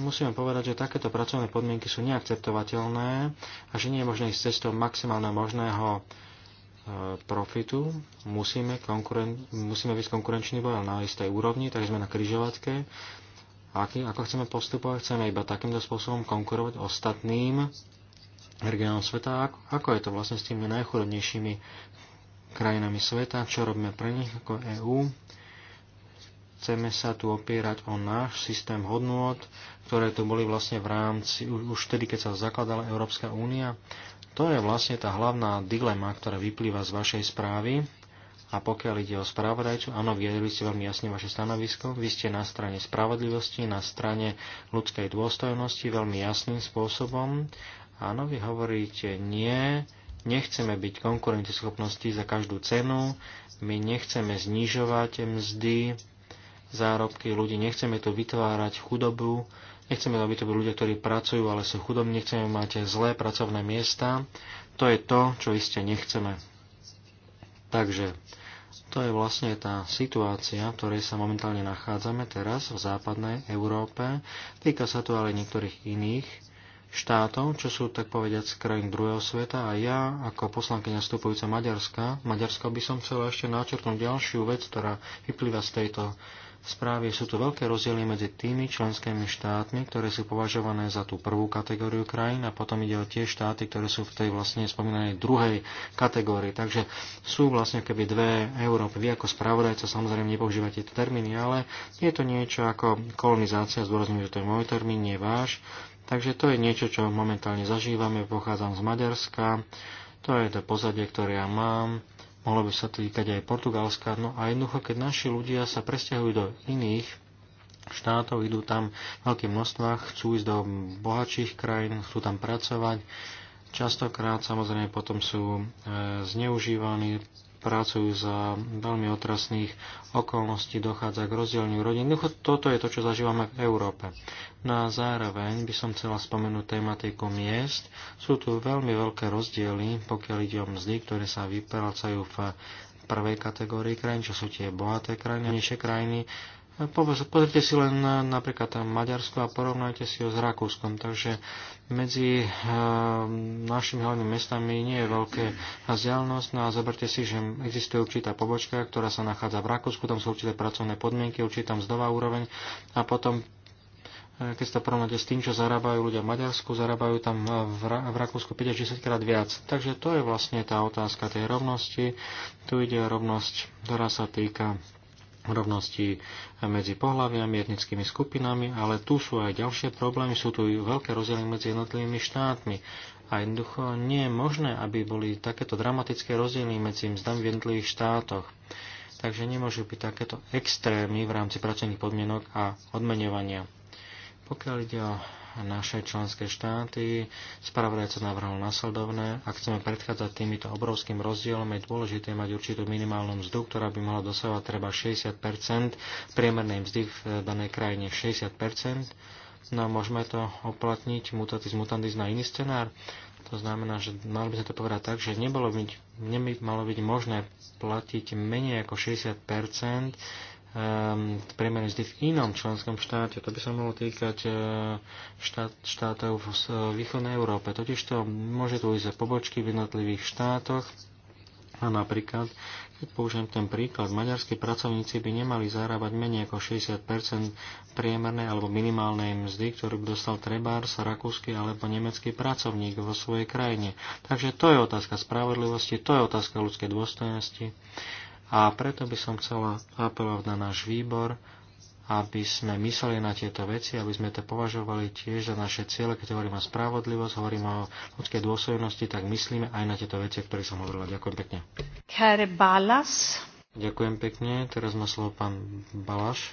Musíme povedať, že takéto pracovné podmienky sú neakceptovateľné a že nie je možné ísť cestou maximálne možného e, profitu. Musíme, konkuren- musíme byť konkurenčný boj na istej úrovni, takže sme na kryžovatke aký, ako chceme postupovať, chceme iba takýmto spôsobom konkurovať ostatným regionom sveta, ako, ako je to vlastne s tými najchudobnejšími krajinami sveta, čo robíme pre nich ako EÚ. Chceme sa tu opierať o náš systém hodnôt, ktoré tu boli vlastne v rámci, už vtedy, keď sa zakladala Európska únia. To je vlastne tá hlavná dilema, ktorá vyplýva z vašej správy. A pokiaľ ide o spravodajcu, áno, vyjadrili ste veľmi jasne vaše stanovisko. Vy ste na strane spravodlivosti, na strane ľudskej dôstojnosti veľmi jasným spôsobom. Áno, vy hovoríte nie, nechceme byť konkurenteschopnosti za každú cenu, my nechceme znižovať mzdy, zárobky ľudí, nechceme tu vytvárať chudobu, nechceme, aby to boli ľudia, ktorí pracujú, ale sú chudobní, nechceme mať zlé pracovné miesta. To je to, čo iste nechceme. Takže to je vlastne tá situácia, v ktorej sa momentálne nachádzame teraz v západnej Európe. Týka sa to ale niektorých iných štátov, čo sú tak povediať z krajín druhého sveta a ja ako poslankyňa vstupujúca Maďarska, Maďarska by som chcela ešte načrtnúť ďalšiu vec, ktorá vyplýva z tejto správy sú tu veľké rozdiely medzi tými členskými štátmi, ktoré sú považované za tú prvú kategóriu krajín a potom ide o tie štáty, ktoré sú v tej vlastne spomínanej druhej kategórii. Takže sú vlastne keby dve Európy. Vy ako spravodajca samozrejme nepoužívate tie termíny, ale je to niečo ako kolonizácia, zdôrazňujem, že to je môj termín, nie váš. Takže to je niečo, čo momentálne zažívame. Pochádzam z Maďarska, to je to pozadie, ktoré ja mám mohlo by sa to týkať aj Portugalska. No a jednoducho, keď naši ľudia sa presťahujú do iných štátov, idú tam v veľkých množstvách, chcú ísť do bohatších krajín, chcú tam pracovať. Častokrát samozrejme potom sú e, zneužívaní, pracujú za veľmi otrasných okolností, dochádza k rozdielňu rodín. Toto je to, čo zažívame v Európe. No a zároveň by som chcela spomenúť tematiku miest. Sú tu veľmi veľké rozdiely, pokiaľ ide o mzdy, ktoré sa vyprácajú v prvej kategórii krajín, čo sú tie bohaté krajiny, nižšie krajiny, Pozrite si len napríklad tam Maďarsko a porovnajte si ho s Rakúskom. Takže medzi eh, našimi hlavnými mestami nie je veľké vzdialenosť. No a zoberte si, že existuje určitá pobočka, ktorá sa nachádza v Rakúsku, tam sú určité pracovné podmienky, určitá mzdová úroveň a potom eh, keď sa porovnáte s tým, čo zarábajú ľudia v Maďarsku, zarábajú tam eh, v, Ra- v Rakúsku 50 krát viac. Takže to je vlastne tá otázka tej rovnosti. Tu ide o rovnosť, ktorá sa týka rovnosti medzi pohľaviami, etnickými skupinami, ale tu sú aj ďalšie problémy, sú tu veľké rozdiely medzi jednotlivými štátmi. A jednoducho nie je možné, aby boli takéto dramatické rozdiely medzi mzdami v jednotlivých štátoch. Takže nemôžu byť takéto extrémy v rámci pracovných podmienok a odmenovania. Pokiaľ ide o naše členské štáty. Spravodajca navrhol nasledovné. Ak chceme predchádzať týmito obrovským rozdielom, je dôležité mať určitú minimálnu mzdu, ktorá by mohla dosahovať treba 60 priemernej mzdy v danej krajine 60 No a môžeme to oplatniť mutatis mutandis na iný scenár. To znamená, že mali by sme to povedať tak, že nebolo byť, nemalo byť možné platiť menej ako 60 um, ehm, priemer vždy v inom členskom štáte. To by sa mohlo týkať e, štát, štátov v e, východnej Európe. Totiž to môže tu ísť za pobočky v jednotlivých štátoch. A napríklad, keď použijem ten príklad, maďarskí pracovníci by nemali zarábať menej ako 60 priemernej alebo minimálnej mzdy, ktorú by dostal trebárs, rakúsky alebo nemecký pracovník vo svojej krajine. Takže to je otázka spravodlivosti, to je otázka ľudskej dôstojnosti a preto by som chcela apelovať na náš výbor, aby sme mysleli na tieto veci, aby sme to považovali tiež za naše ciele. Keď hovorím o spravodlivosť, hovorím o ľudskej dôstojnosti, tak myslíme aj na tieto veci, o ktorých som hovorila. Ďakujem pekne. Kare Balas. Ďakujem pekne. Teraz má slovo pán Balaš.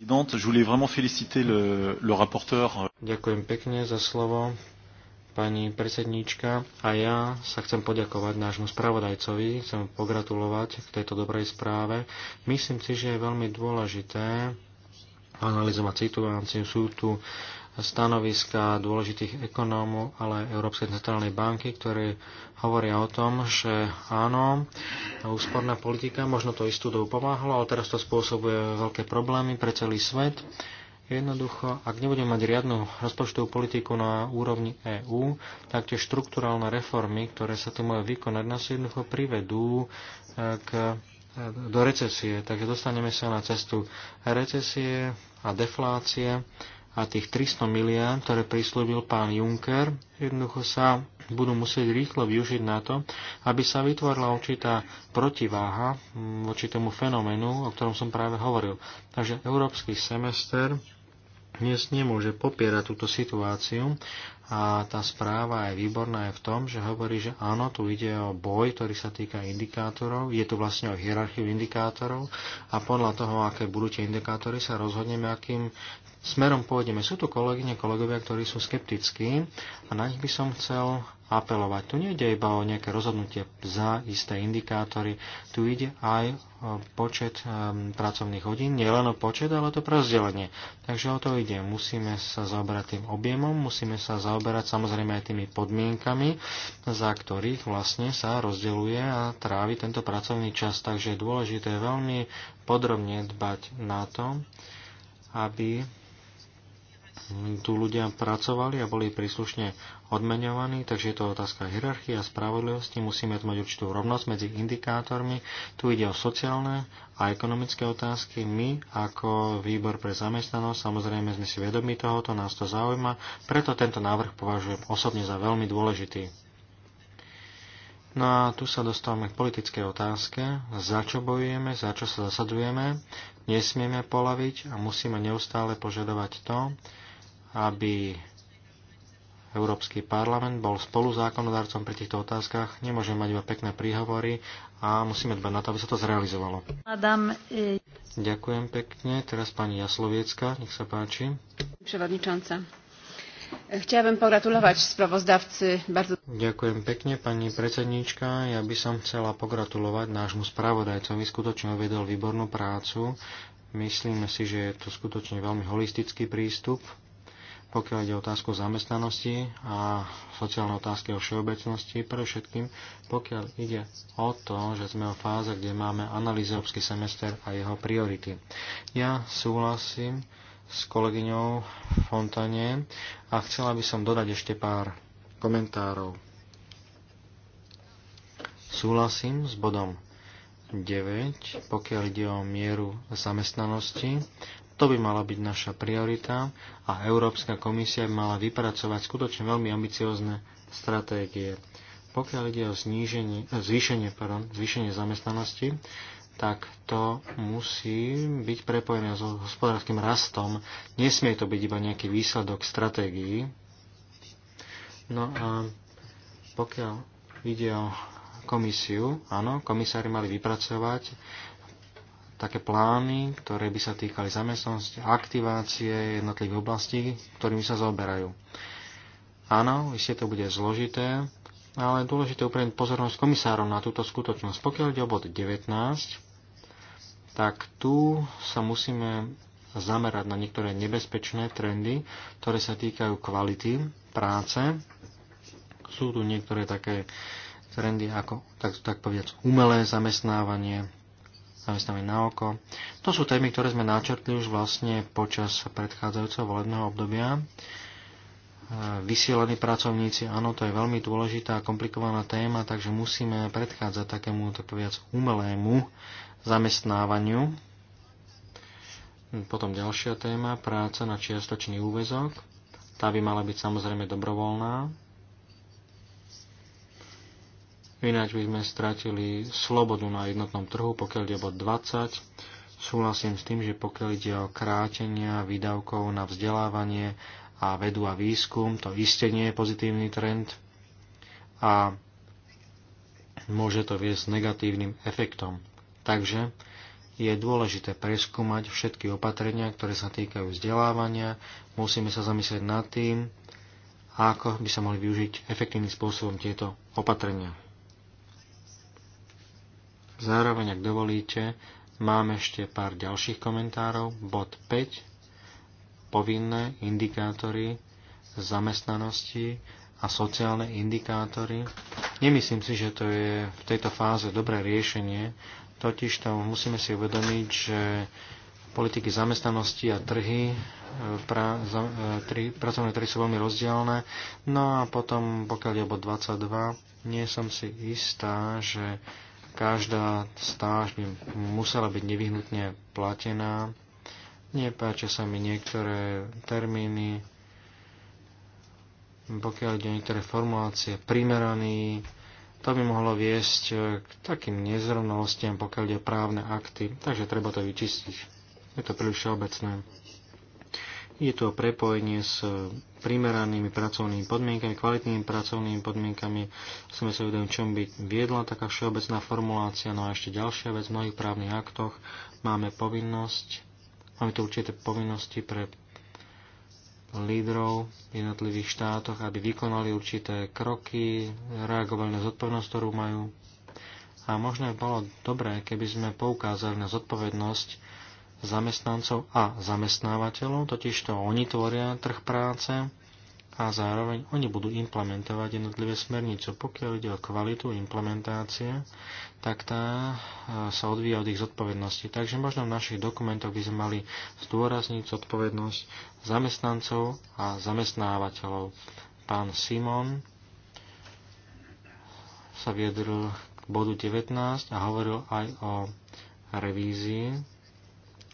Ďakujem pekne za slovo pani predsedníčka, a ja sa chcem poďakovať nášmu spravodajcovi, chcem pogratulovať k tejto dobrej správe. Myslím si, že je veľmi dôležité analyzovať situáciu. Sú tu stanoviska dôležitých ekonómov, ale Európskej centrálnej banky, ktoré hovoria o tom, že áno, úsporná politika možno to istú dobu pomáhala, ale teraz to spôsobuje veľké problémy pre celý svet Jednoducho, ak nebudeme mať riadnu rozpočtovú politiku na úrovni EÚ, tak tie štrukturálne reformy, ktoré sa tu majú vykonať, nás jednoducho privedú e, k, e, do recesie. Takže dostaneme sa na cestu recesie a deflácie a tých 300 miliárd, ktoré prislúbil pán Juncker, jednoducho sa budú musieť rýchlo využiť na to, aby sa vytvorila určitá protiváha voči tomu fenoménu, o ktorom som práve hovoril. Takže európsky semester dnes nemôže popierať túto situáciu a tá správa je výborná aj v tom, že hovorí, že áno, tu ide o boj, ktorý sa týka indikátorov, je tu vlastne o hierarchiu indikátorov a podľa toho, aké budú tie indikátory, sa rozhodneme, akým smerom pôjdeme. Sú tu kolegyne, kolegovia, ktorí sú skeptickí a na nich by som chcel apelovať. Tu nejde iba o nejaké rozhodnutie za isté indikátory, tu ide aj o počet um, pracovných hodín, nielen o počet, ale to prezdelenie. Takže o to ide. Musíme sa zaoberať tým objemom, musíme sa zaoberať samozrejme aj tými podmienkami, za ktorých vlastne sa rozdeluje a trávi tento pracovný čas. Takže je dôležité veľmi podrobne dbať na to, aby tu ľudia pracovali a boli príslušne odmeňovaní, takže je to otázka hierarchie a spravodlivosti. Musíme mať určitú rovnosť medzi indikátormi. Tu ide o sociálne a ekonomické otázky. My ako výbor pre zamestnanosť samozrejme sme si vedomi tohoto, nás to zaujíma, preto tento návrh považujem osobne za veľmi dôležitý. No a tu sa dostávame k politickej otázke, za čo bojujeme, za čo sa zasadujeme, nesmieme polaviť a musíme neustále požadovať to, aby Európsky parlament bol spolu zákonodárcom pri týchto otázkach. Nemôžeme mať iba pekné príhovory a musíme dbať na to, aby sa to zrealizovalo. Adam, e... Ďakujem pekne. Teraz pani Jasloviecka, nech sa páči. Przewodnicząca. E, chciałabym pogratulować sprawozdawcy bardzo... Ďakujem pekne, pani predsednička. Ja by som chcela pogratulovať nášmu spravodajcovi. Skutočne uvedol výbornú prácu. Myslíme si, že je to skutočne veľmi holistický prístup pokiaľ ide o otázku zamestnanosti a sociálne otázky o všeobecnosti, pre všetkým, pokiaľ ide o to, že sme o fáze, kde máme analýzy obský semester a jeho priority. Ja súhlasím s kolegyňou Fontane a chcela by som dodať ešte pár komentárov. Súhlasím s bodom 9, pokiaľ ide o mieru zamestnanosti to by mala byť naša priorita a Európska komisia by mala vypracovať skutočne veľmi ambiciozne stratégie. Pokiaľ ide o zníženie, zvýšenie, pardon, zvýšenie zamestnanosti, tak to musí byť prepojené s so hospodárskym rastom. Nesmie to byť iba nejaký výsledok stratégií. No a pokiaľ ide o komisiu, áno, komisári mali vypracovať také plány, ktoré by sa týkali zamestnanosti, aktivácie jednotlivých oblastí, ktorými sa zaoberajú. Áno, isté to bude zložité, ale je dôležité upriamiť pozornosť komisárov na túto skutočnosť. Pokiaľ ide o bod 19, tak tu sa musíme zamerať na niektoré nebezpečné trendy, ktoré sa týkajú kvality práce. Sú tu niektoré také trendy ako, tak, tak povedať, umelé zamestnávanie, zamestnaní na oko. To sú témy, ktoré sme načrtli už vlastne počas predchádzajúceho volebného obdobia. E, vysielaní pracovníci, áno, to je veľmi dôležitá a komplikovaná téma, takže musíme predchádzať takému, tak viac, umelému zamestnávaniu. Potom ďalšia téma, práca na čiastočný úvezok. Tá by mala byť samozrejme dobrovoľná, Ináč by sme stratili slobodu na jednotnom trhu, pokiaľ ide bod 20. Súhlasím s tým, že pokiaľ ide o krátenia výdavkov na vzdelávanie a vedu a výskum, to iste nie je pozitívny trend a môže to viesť negatívnym efektom. Takže je dôležité preskúmať všetky opatrenia, ktoré sa týkajú vzdelávania. Musíme sa zamyslieť nad tým, ako by sa mohli využiť efektívnym spôsobom tieto opatrenia. Zároveň, ak dovolíte, mám ešte pár ďalších komentárov. Bod 5. Povinné indikátory zamestnanosti a sociálne indikátory. Nemyslím si, že to je v tejto fáze dobré riešenie, totiž to musíme si uvedomiť, že politiky zamestnanosti a trhy, e, pra, za, e, tri, pracovné trhy sú veľmi rozdielne. No a potom, pokiaľ je bod 22, nie som si istá, že Každá stáž by musela byť nevyhnutne platená. Nepáčia sa mi niektoré termíny, pokiaľ ide o niektoré formulácie, primeraný, to by mohlo viesť k takým nezrovnalostiam, pokiaľ ide o právne akty, takže treba to vyčistiť. Je to príliš obecné. Je to prepojenie s primeranými pracovnými podmienkami, kvalitnými pracovnými podmienkami. sme sa uvedomili, čom by viedla taká všeobecná formulácia. No a ešte ďalšia vec, v mnohých právnych aktoch máme povinnosť, máme tu určité povinnosti pre lídrov v jednotlivých štátoch, aby vykonali určité kroky, reagovali na zodpovednosť, ktorú majú. A možno by bolo dobré, keby sme poukázali na zodpovednosť zamestnancov a zamestnávateľov, totižto oni tvoria trh práce a zároveň oni budú implementovať jednotlivé smernice. Pokiaľ ide o kvalitu implementácie, tak tá e, sa odvíja od ich zodpovednosti. Takže možno v našich dokumentoch by sme mali zdôrazniť zodpovednosť zamestnancov a zamestnávateľov. Pán Simon sa viedril k bodu 19 a hovoril aj o revízii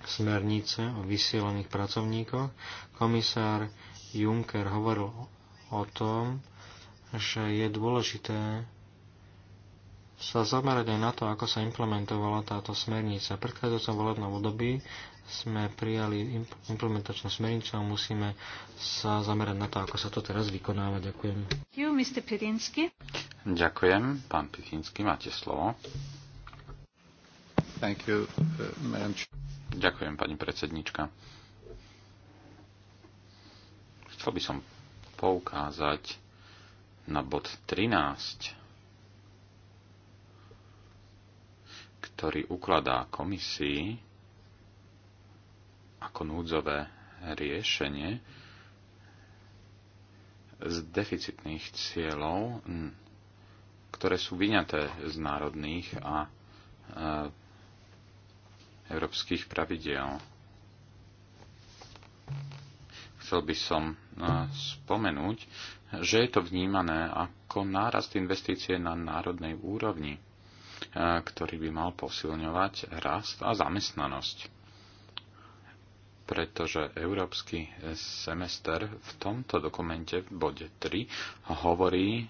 smernice o vysielaných pracovníkoch. Komisár Juncker hovoril o tom, že je dôležité sa zamerať aj na to, ako sa implementovala táto smernica. V predchádzajúcom volebnom období sme prijali implementačnú smernicu a musíme sa zamerať na to, ako sa to teraz vykonáva. Ďakujem. Ďakujem. Pán Pichinsky, máte slovo. Thank you, uh, Ďakujem, pani predsednička. Chcel by som poukázať na bod 13, ktorý ukladá komisii ako núdzové riešenie z deficitných cieľov, ktoré sú vyňaté z národných a e, európskych pravidiel. Chcel by som eh, spomenúť, že je to vnímané ako nárast investície na národnej úrovni, eh, ktorý by mal posilňovať rast a zamestnanosť pretože európsky eh, semester v tomto dokumente v bode 3 hovorí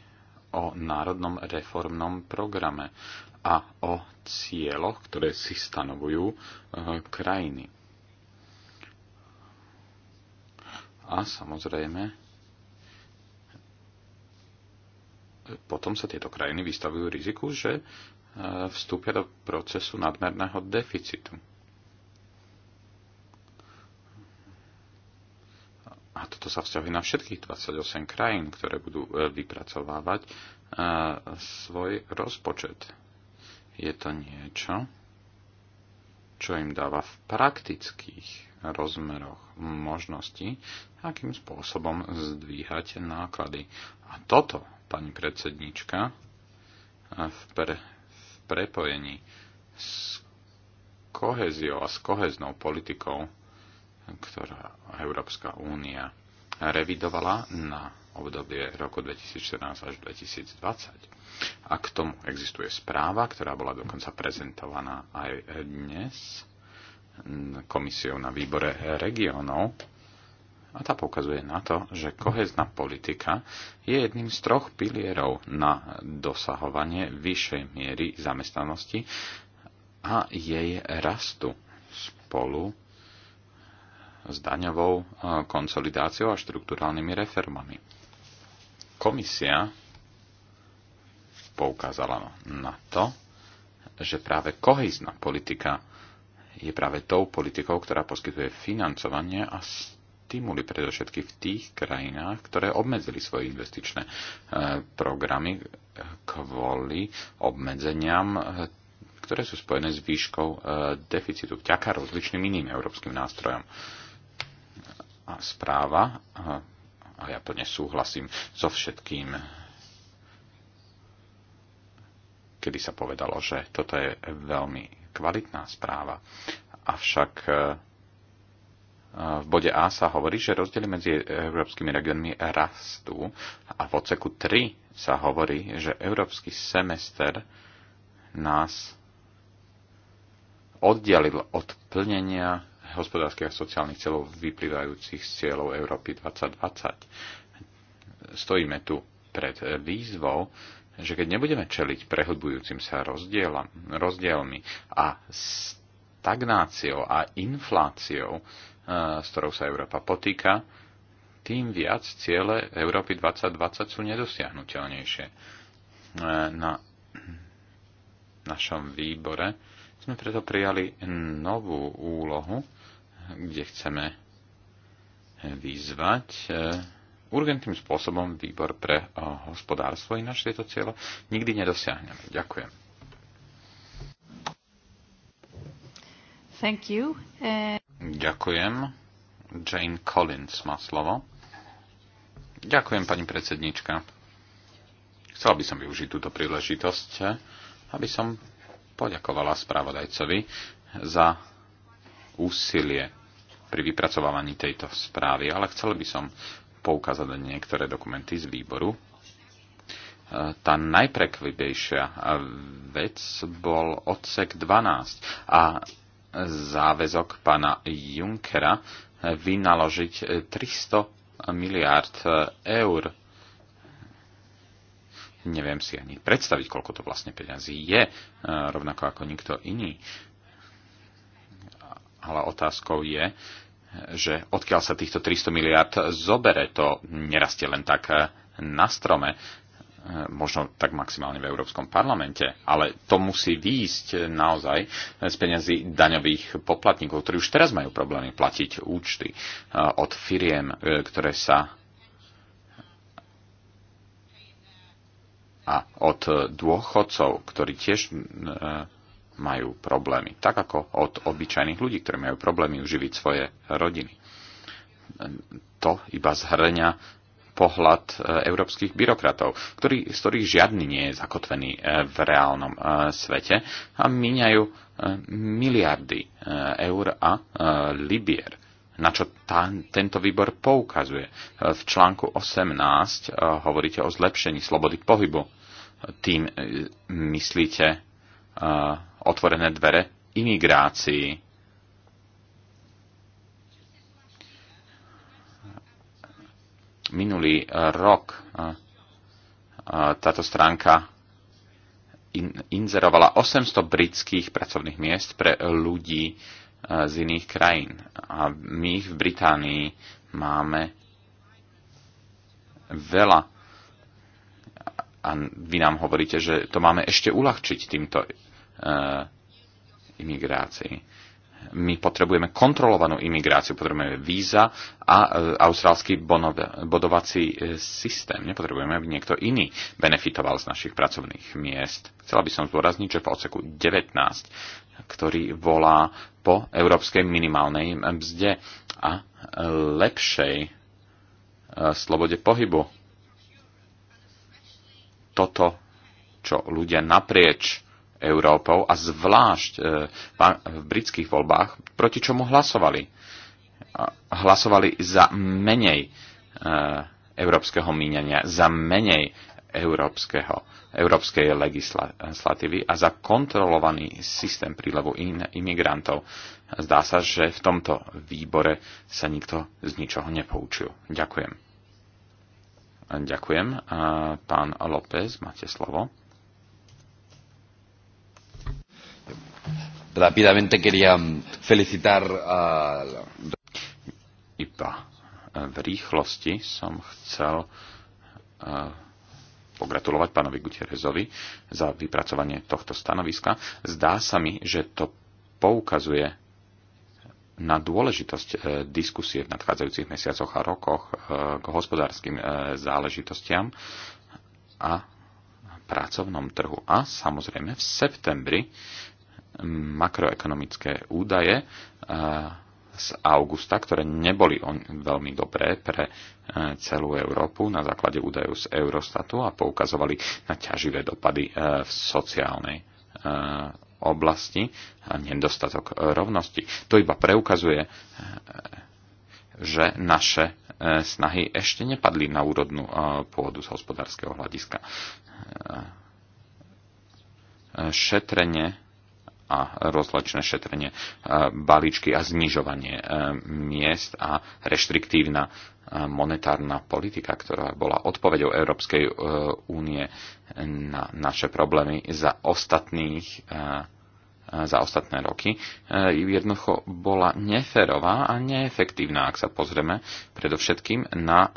o národnom reformnom programe a o cieľoch, ktoré si stanovujú e, krajiny. A samozrejme, potom sa tieto krajiny vystavujú riziku, že e, vstúpia do procesu nadmerného deficitu. A toto sa vzťahuje na všetkých 28 krajín, ktoré budú e, vypracovávať svoj rozpočet. Je to niečo, čo im dáva v praktických rozmeroch možnosti, akým spôsobom zdvíhať náklady. A toto, pani predsednička, v, pre, v prepojení s koheziou a s koheznou politikou, ktorá Európska únia revidovala na obdobie roku 2014 až 2020. A k tomu existuje správa, ktorá bola dokonca prezentovaná aj dnes komisiou na výbore regionov. A tá pokazuje na to, že kohezná politika je jedným z troch pilierov na dosahovanie vyššej miery zamestnanosti a jej rastu spolu s daňovou eh, konsolidáciou a štruktúrálnymi reformami. Komisia poukázala na to, že práve kohezná politika je práve tou politikou, ktorá poskytuje financovanie a stimuli predovšetky v tých krajinách, ktoré obmedzili svoje investičné e, programy kvôli obmedzeniam, e, ktoré sú spojené s výškou e, deficitu vďaka rozličným iným európskym nástrojom. A správa a ja plne súhlasím so všetkým, kedy sa povedalo, že toto je veľmi kvalitná správa. Avšak e, v bode A sa hovorí, že rozdiely medzi európskymi regiónmi rastú a v oceku 3 sa hovorí, že európsky semester nás oddialil od plnenia hospodárskych a sociálnych cieľov vyplývajúcich z cieľov Európy 2020. Stojíme tu pred výzvou, že keď nebudeme čeliť prehlbujúcim sa rozdielom, rozdielmi a stagnáciou a infláciou, eh, s ktorou sa Európa potýka, tým viac ciele Európy 2020 sú nedosiahnutelnejšie. Eh, na našom výbore sme preto prijali novú úlohu, kde chceme vyzvať e, urgentným spôsobom výbor pre e, hospodárstvo, ináč tieto cieľo nikdy nedosiahneme. Ďakujem. Thank you. Uh... Ďakujem. Jane Collins má slovo. Ďakujem, pani predsednička. Chcela by som využiť túto príležitosť, aby som poďakovala správodajcovi za úsilie pri vypracovávaní tejto správy, ale chcel by som poukázať na niektoré dokumenty z výboru. E, tá najprekvibejšia vec bol odsek 12 a záväzok pána Junckera vynaložiť 300 miliárd eur. Neviem si ani predstaviť, koľko to vlastne peňazí je, e, rovnako ako nikto iný. Ale otázkou je, že odkiaľ sa týchto 300 miliard zobere, to nerastie len tak eh, na strome, eh, možno tak maximálne v Európskom parlamente, ale to musí výjsť eh, naozaj z peňazí daňových poplatníkov, ktorí už teraz majú problémy platiť účty od firiem, ktoré sa a od dôchodcov, ktorí tiež majú problémy. Tak ako od obyčajných ľudí, ktorí majú problémy uživiť svoje rodiny. To iba zhrňa pohľad e, európskych byrokratov, ktorý, z ktorých žiadny nie je zakotvený e, v reálnom e, svete a míňajú miliardy eur a libier na čo tá, tento výbor poukazuje. V článku 18 hovoríte o zlepšení slobody pohybu. Tým myslíte otvorené dvere imigrácii. Minulý e, rok e, e, táto stránka inzerovala 800 britských pracovných miest pre ľudí z iných krajín. A my v Británii máme veľa. A vy nám hovoríte, že to máme ešte uľahčiť týmto Eh, imigrácii. My potrebujeme kontrolovanú imigráciu, potrebujeme víza a eh, austrálsky bodovací eh, systém. Nepotrebujeme, aby niekto iný benefitoval z našich pracovných miest. Chcela by som zdôrazniť, že v odseku 19, ktorý volá po európskej minimálnej mzde a lepšej slobode pohybu. Toto, čo ľudia naprieč Európou a zvlášť e, v britských voľbách, proti čomu hlasovali. Hlasovali za menej e, európskeho míňania, za menej európskeho, európskej legislatívy a za kontrolovaný systém prílevu in, imigrantov. Zdá sa, že v tomto výbore sa nikto z ničoho nepoučil. Ďakujem. Ďakujem. Pán López, máte slovo. rápidamente quería felicitar a... Iba v rýchlosti som chcel eh, pogratulovať pánovi Gutierrezovi za vypracovanie tohto stanoviska. Zdá sa mi, že to poukazuje na dôležitosť eh, diskusie v nadchádzajúcich mesiacoch a rokoch eh, k hospodárskym záležitostiam a pracovnom trhu. A samozrejme v septembri makroekonomické údaje eh, z augusta, ktoré neboli veľmi dobré pre eh, celú Európu na základe údajov z Eurostatu a poukazovali na ťaživé dopady eh, v sociálnej oblasti a nedostatok rovnosti. To iba preukazuje, že naše snahy ešte nepadli na úrodnú pôdu z hospodárskeho hľadiska. Šetrenie a rozlačné šetrenie e, balíčky a znižovanie e, miest a reštriktívna e, monetárna politika, ktorá bola odpoveďou Európskej únie na naše problémy za ostatných za ostatné roky, jednoducho bola neférová a neefektívna, ak sa pozrieme predovšetkým na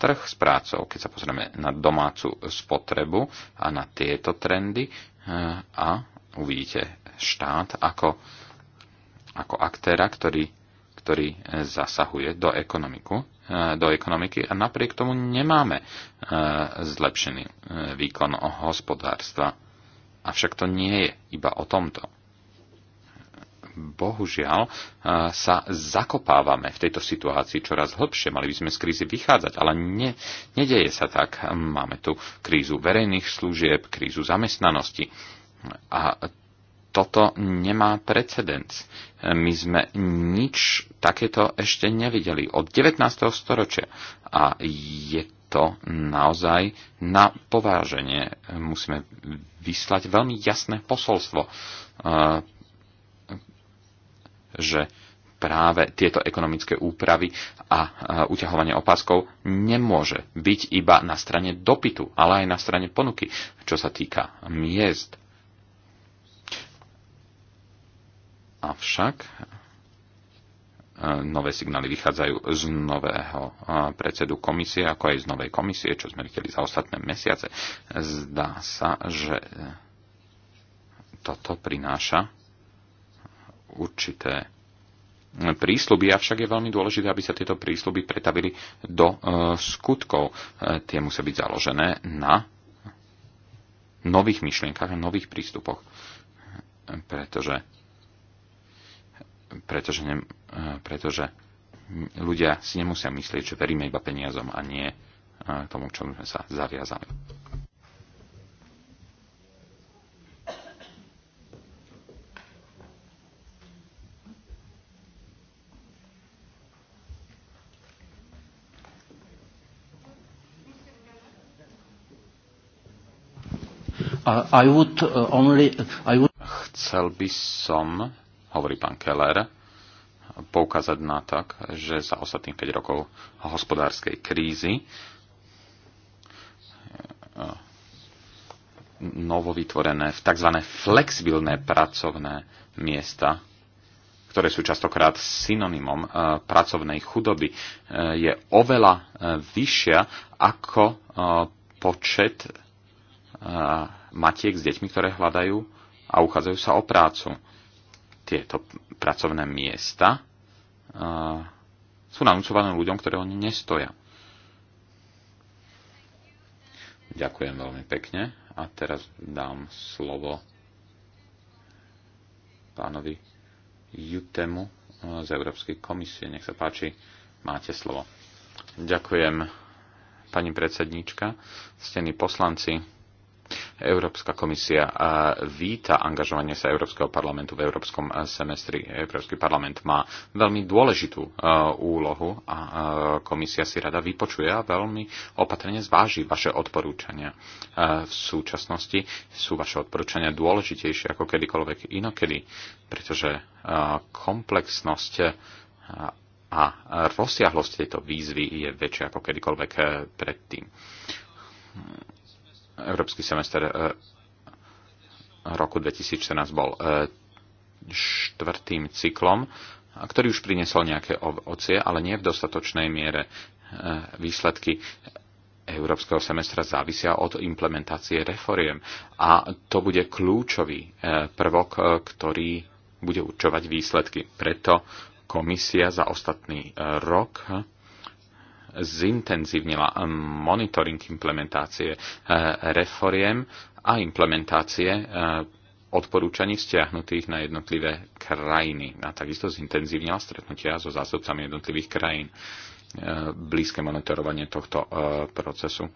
trh s prácou, keď sa pozrieme na domácu spotrebu a na tieto trendy, a uvidíte štát ako, ako aktéra, ktorý, ktorý e, zasahuje do, ekonomiku, e, do ekonomiky a napriek tomu nemáme e, zlepšený výkon hospodárstva. Avšak to nie je iba o tomto bohužiaľ sa zakopávame v tejto situácii čoraz hlbšie. Mali by sme z krízy vychádzať, ale ne, nedeje sa tak. Máme tu krízu verejných služieb, krízu zamestnanosti. A toto nemá precedens. My sme nič takéto ešte nevideli od 19. storočia. A je to naozaj na pováženie. Musíme vyslať veľmi jasné posolstvo že práve tieto ekonomické úpravy a uťahovanie opaskov nemôže byť iba na strane dopytu, ale aj na strane ponuky, čo sa týka miest. Avšak e, nové signály vychádzajú z nového e, predsedu komisie, ako aj z novej komisie, čo sme videli za ostatné mesiace. Zdá sa, že e, toto prináša určité prísluby, avšak je veľmi dôležité, aby sa tieto prísluby pretavili do e, skutkov. E, tie musia byť založené na nových myšlienkach a nových prístupoch. Pretože, pretože, ne, e, pretože ľudia si nemusia myslieť, že veríme iba peniazom a nie tomu, čo sme sa zaviazali. I would uh, only, uh, I would... Chcel by som, hovorí pán Keller, poukázať na tak, že za ostatných 5 rokov hospodárskej krízy eh, novovytvorené v tzv. flexibilné pracovné miesta, ktoré sú častokrát synonymom eh, pracovnej chudoby, eh, je oveľa vyššia ako počet matiek s deťmi, ktoré hľadajú a uchádzajú sa o prácu. Tieto pracovné miesta uh, sú nanúcované ľuďom, ktoré oni nestoja. Ďakujem veľmi pekne a teraz dám slovo pánovi Jutemu e, z Európskej komisie. Nech sa páči, máte slovo. Ďakujem, pani predsedníčka, stení poslanci. Európska komisia víta angažovanie sa Európskeho parlamentu v Európskom eh, semestri. Európsky parlament má veľmi dôležitú eh, úlohu a eh, komisia si rada vypočuje a veľmi opatrne zváži vaše odporúčania. V súčasnosti sú vaše odporúčania dôležitejšie ako kedykoľvek inokedy, pretože komplexnosť a rozsiahlosť tejto výzvy je väčšia ako kedykoľvek predtým Európsky semester e, roku 2014 bol e, štvrtým cyklom, ktorý už priniesol nejaké ocie, ale nie v dostatočnej miere e, výsledky európskeho semestra závisia od implementácie reforiem. A to bude kľúčový prvok, ktorý bude určovať výsledky. Preto komisia za ostatný rok zintenzívnila monitoring implementácie eh, reforiem a implementácie eh, odporúčaní stiahnutých na jednotlivé krajiny a takisto zintenzívnila stretnutia so zástupcami jednotlivých krajín. E, blízke monitorovanie tohto e, procesu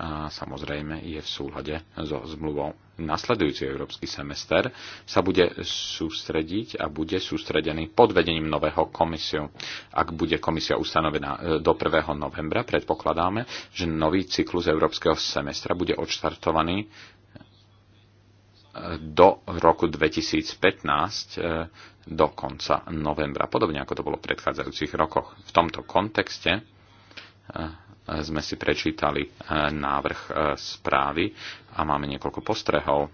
a samozrejme je v súhľade so zmluvou. Nasledujúci európsky semester sa bude sústrediť a bude sústredený pod vedením nového komisiu. Ak bude komisia ustanovená e, do 1. novembra, predpokladáme, že nový cyklus európskeho semestra bude odštartovaný do roku 2015 e, do konca novembra, podobne ako to bolo v predchádzajúcich rokoch. V tomto kontexte e, sme si prečítali e, návrh správy a máme niekoľko postrehov.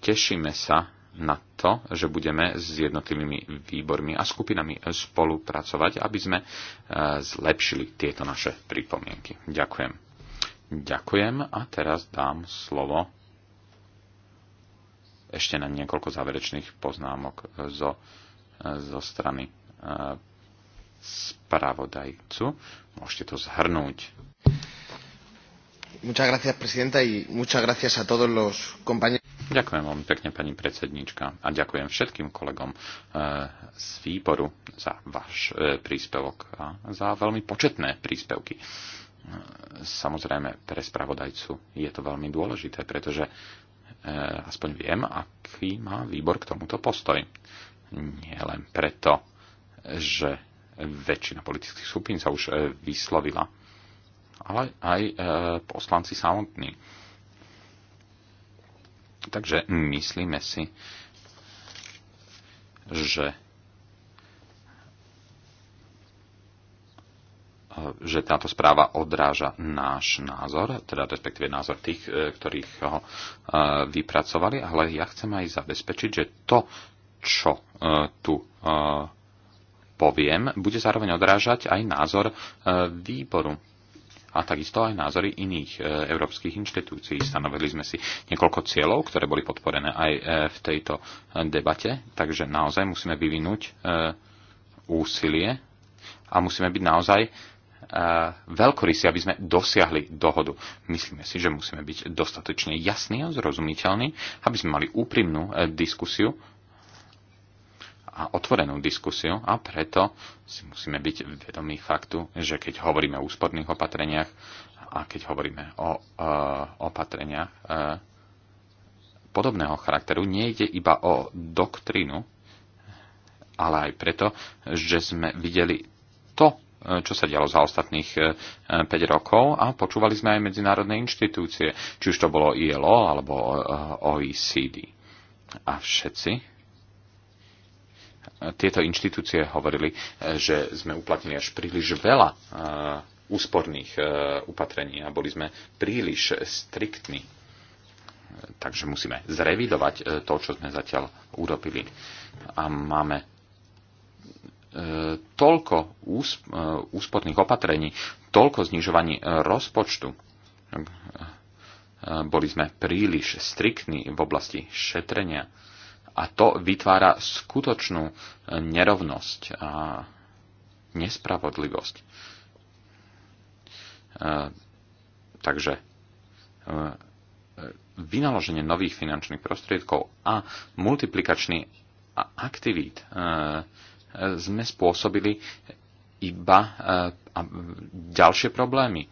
Tešíme sa na to, že budeme s jednotlivými výbormi a skupinami spolupracovať, aby sme zlepšili tieto naše pripomienky. Ďakujem. Ďakujem a teraz dám slovo ešte na niekoľko záverečných poznámok e, zo, e, zo strany e, spravodajcu. Môžete to zhrnúť. Muchas gracias, presidenta, y muchas gracias a todos los compañeros. Ďakujem veľmi pekne, pani predsednička, a ďakujem všetkým kolegom z výboru za váš príspevok a za veľmi početné príspevky. Samozrejme, pre spravodajcu je to veľmi dôležité, pretože Eh, aspoň viem, aký má výbor k tomuto postoj. Nie len preto, že väčšina politických skupín sa už eh, vyslovila, ale aj eh, poslanci samotní. Takže myslíme si, že že táto správa odráža náš názor, teda respektíve názor tých, e, ktorých ho e, vypracovali, ale ja chcem aj zabezpečiť, že to, čo e, tu poviem, bude zároveň odrážať aj názor výboru a takisto aj názory iných európskych inštitúcií. Stanovili sme si niekoľko cieľov, ktoré boli podporené aj v tejto debate, takže naozaj musíme vyvinúť úsilie a musíme byť naozaj veľkorysí, aby sme dosiahli dohodu. Myslíme si, že musíme byť dostatočne jasní a zrozumiteľní, aby sme mali úprimnú e, diskusiu a otvorenú diskusiu a preto si musíme byť vedomí faktu, že keď hovoríme o úsporných opatreniach a keď hovoríme o uh, opatreniach uh, podobného charakteru, nejde iba o doktrínu, ale aj preto, že sme videli to, čo sa dialo za ostatných 5 e, rokov a počúvali sme aj medzinárodné inštitúcie, či už to bolo ILO alebo e, OECD. A všetci e, tieto inštitúcie hovorili, že sme uplatnili až príliš veľa úsporných upatrení a boli sme príliš striktní. Takže musíme zrevidovať to, čo sme zatiaľ urobili. A máme E, toľko e, úsporných opatrení, toľko znižovaní e, rozpočtu. Boli sme príliš striktní v oblasti šetrenia a to vytvára skutočnú nerovnosť a nespravodlivosť. Takže vynaloženie nových finančných prostriedkov a multiplikačný aktivít sme spôsobili iba e, ďalšie problémy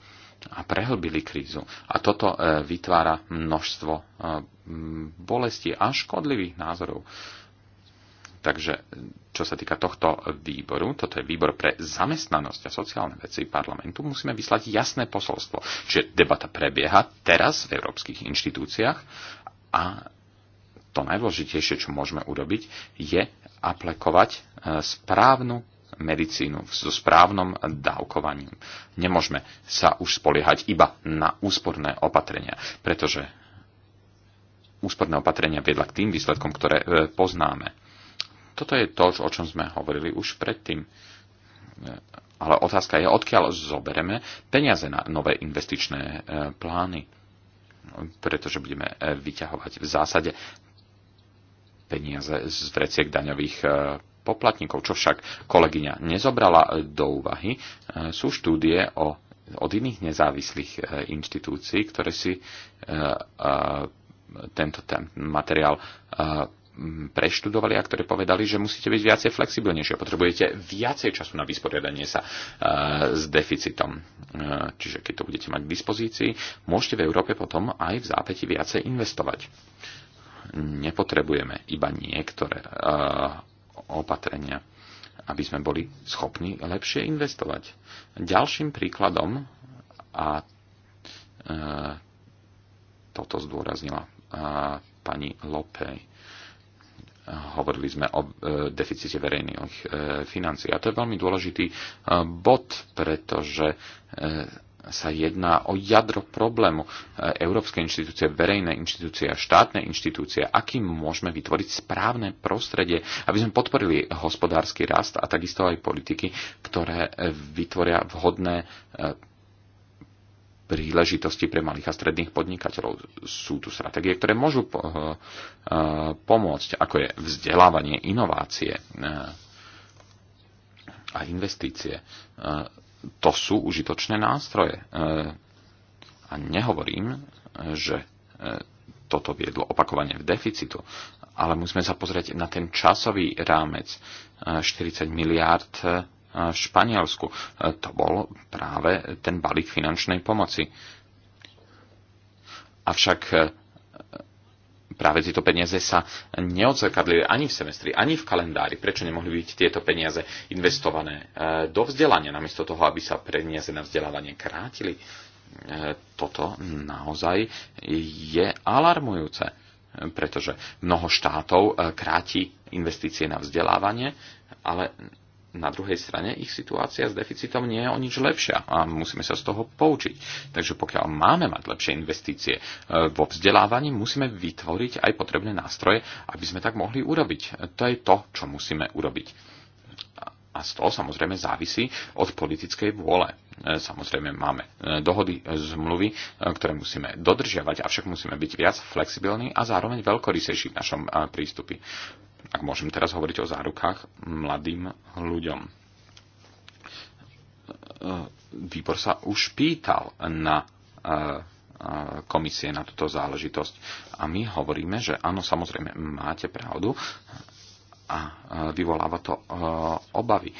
a prehlbili krízu. A toto e, vytvára množstvo e, bolesti a škodlivých názorov. Takže čo sa týka tohto výboru, toto je výbor pre zamestnanosť a sociálne veci parlamentu, musíme vyslať jasné posolstvo. Čiže debata prebieha teraz v európskych inštitúciách a to najdôležitejšie, čo môžeme urobiť, je aplikovať e, správnu medicínu so správnom dávkovaním. Nemôžeme sa už spoliehať iba na úsporné opatrenia, pretože úsporné opatrenia viedla k tým výsledkom, ktoré e, poznáme. Toto je to, o čom sme hovorili už predtým. E, ale otázka je, odkiaľ zobereme peniaze na nové investičné plány pretože budeme vyťahovať v zásade peniaze z vreciek daňových e, poplatníkov, čo však kolegyňa nezobrala do úvahy, e, sú štúdie o, od iných nezávislých e, inštitúcií, ktoré si tento ten materiál preštudovali a ktoré povedali, že musíte byť viacej flexibilnejšie, potrebujete viacej času na vysporiadanie sa e, s deficitom. E, čiže keď to budete mať k dispozícii, môžete v Európe potom aj v zápäti viacej investovať nepotrebujeme iba niektoré eh, opatrenia, aby sme boli schopní lepšie investovať. Ďalším príkladom, a eh, toto zdôraznila eh, pani Lopej, hovorili sme o deficite verejných financií. A to je veľmi dôležitý bod, pretože sa jedná o jadro problému. E, európske inštitúcie, verejné inštitúcie a štátne inštitúcie, akým môžeme vytvoriť správne prostredie, aby sme podporili hospodársky rast a takisto aj politiky, ktoré e, vytvoria vhodné e, príležitosti pre malých a stredných podnikateľov. Sú tu stratégie, ktoré môžu pomôcť, ako je vzdelávanie, inovácie a investície to sú užitočné nástroje. E, a nehovorím, že e, toto viedlo opakovane v deficitu, ale musíme sa pozrieť na ten časový rámec 40 e, miliárd v Španielsku. To bol práve ten balík finančnej pomoci. Avšak práve tieto peniaze sa neodzrkadlili ani v semestri, ani v kalendári. Prečo nemohli byť tieto peniaze investované e, do vzdelania, namiesto toho, aby sa peniaze na vzdelávanie krátili? E, toto naozaj je alarmujúce, pretože mnoho štátov e, kráti investície na vzdelávanie, ale na druhej strane ich situácia s deficitom nie je o nič lepšia a musíme sa z toho poučiť. Takže pokiaľ máme mať lepšie investície e, vo vzdelávaní, musíme vytvoriť aj potrebné nástroje, aby sme tak mohli urobiť. To je to, čo musíme urobiť. A z toho samozrejme závisí od politickej vôle. E, samozrejme máme e, dohody, zmluvy, ktoré musíme dodržiavať, avšak musíme byť viac flexibilní a zároveň veľkorysejší v našom prístupe ak môžem teraz hovoriť o zárukách, mladým ľuďom. E, výbor sa už pýtal na e, e, komisie na túto záležitosť. A my hovoríme, že áno, samozrejme, máte pravdu a vyvoláva to obavy.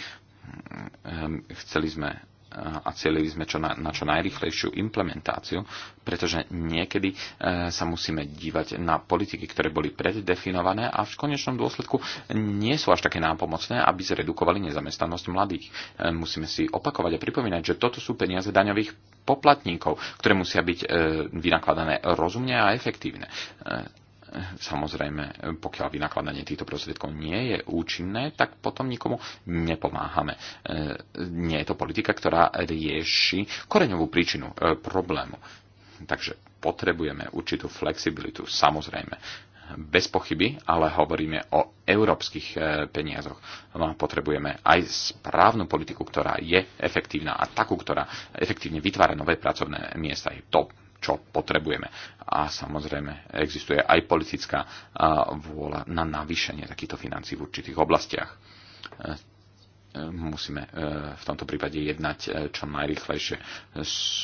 Chceli sme a cieľili sme čo na, na čo najrychlejšiu implementáciu, pretože niekedy e, sa musíme dívať na politiky, ktoré boli preddefinované a v konečnom dôsledku nie sú až také nápomocné, aby zredukovali nezamestnanosť mladých. E, musíme si opakovať a pripomínať, že toto sú peniaze daňových poplatníkov, ktoré musia byť e, vynakladané rozumne a efektívne. E, samozrejme, pokiaľ vynakladanie týchto prostriedkov nie je účinné, tak potom nikomu nepomáhame. E, nie je to politika, ktorá rieši koreňovú príčinu e, problému. Takže potrebujeme určitú flexibilitu, samozrejme. Bez pochyby, ale hovoríme o európskych e, peniazoch. No a potrebujeme aj správnu politiku, ktorá je efektívna a takú, ktorá efektívne vytvára nové pracovné miesta. To čo potrebujeme. A samozrejme existuje aj politická vôľa na navýšenie takýchto financí v určitých oblastiach e, e, musíme e, v tomto prípade jednať čo najrychlejšie.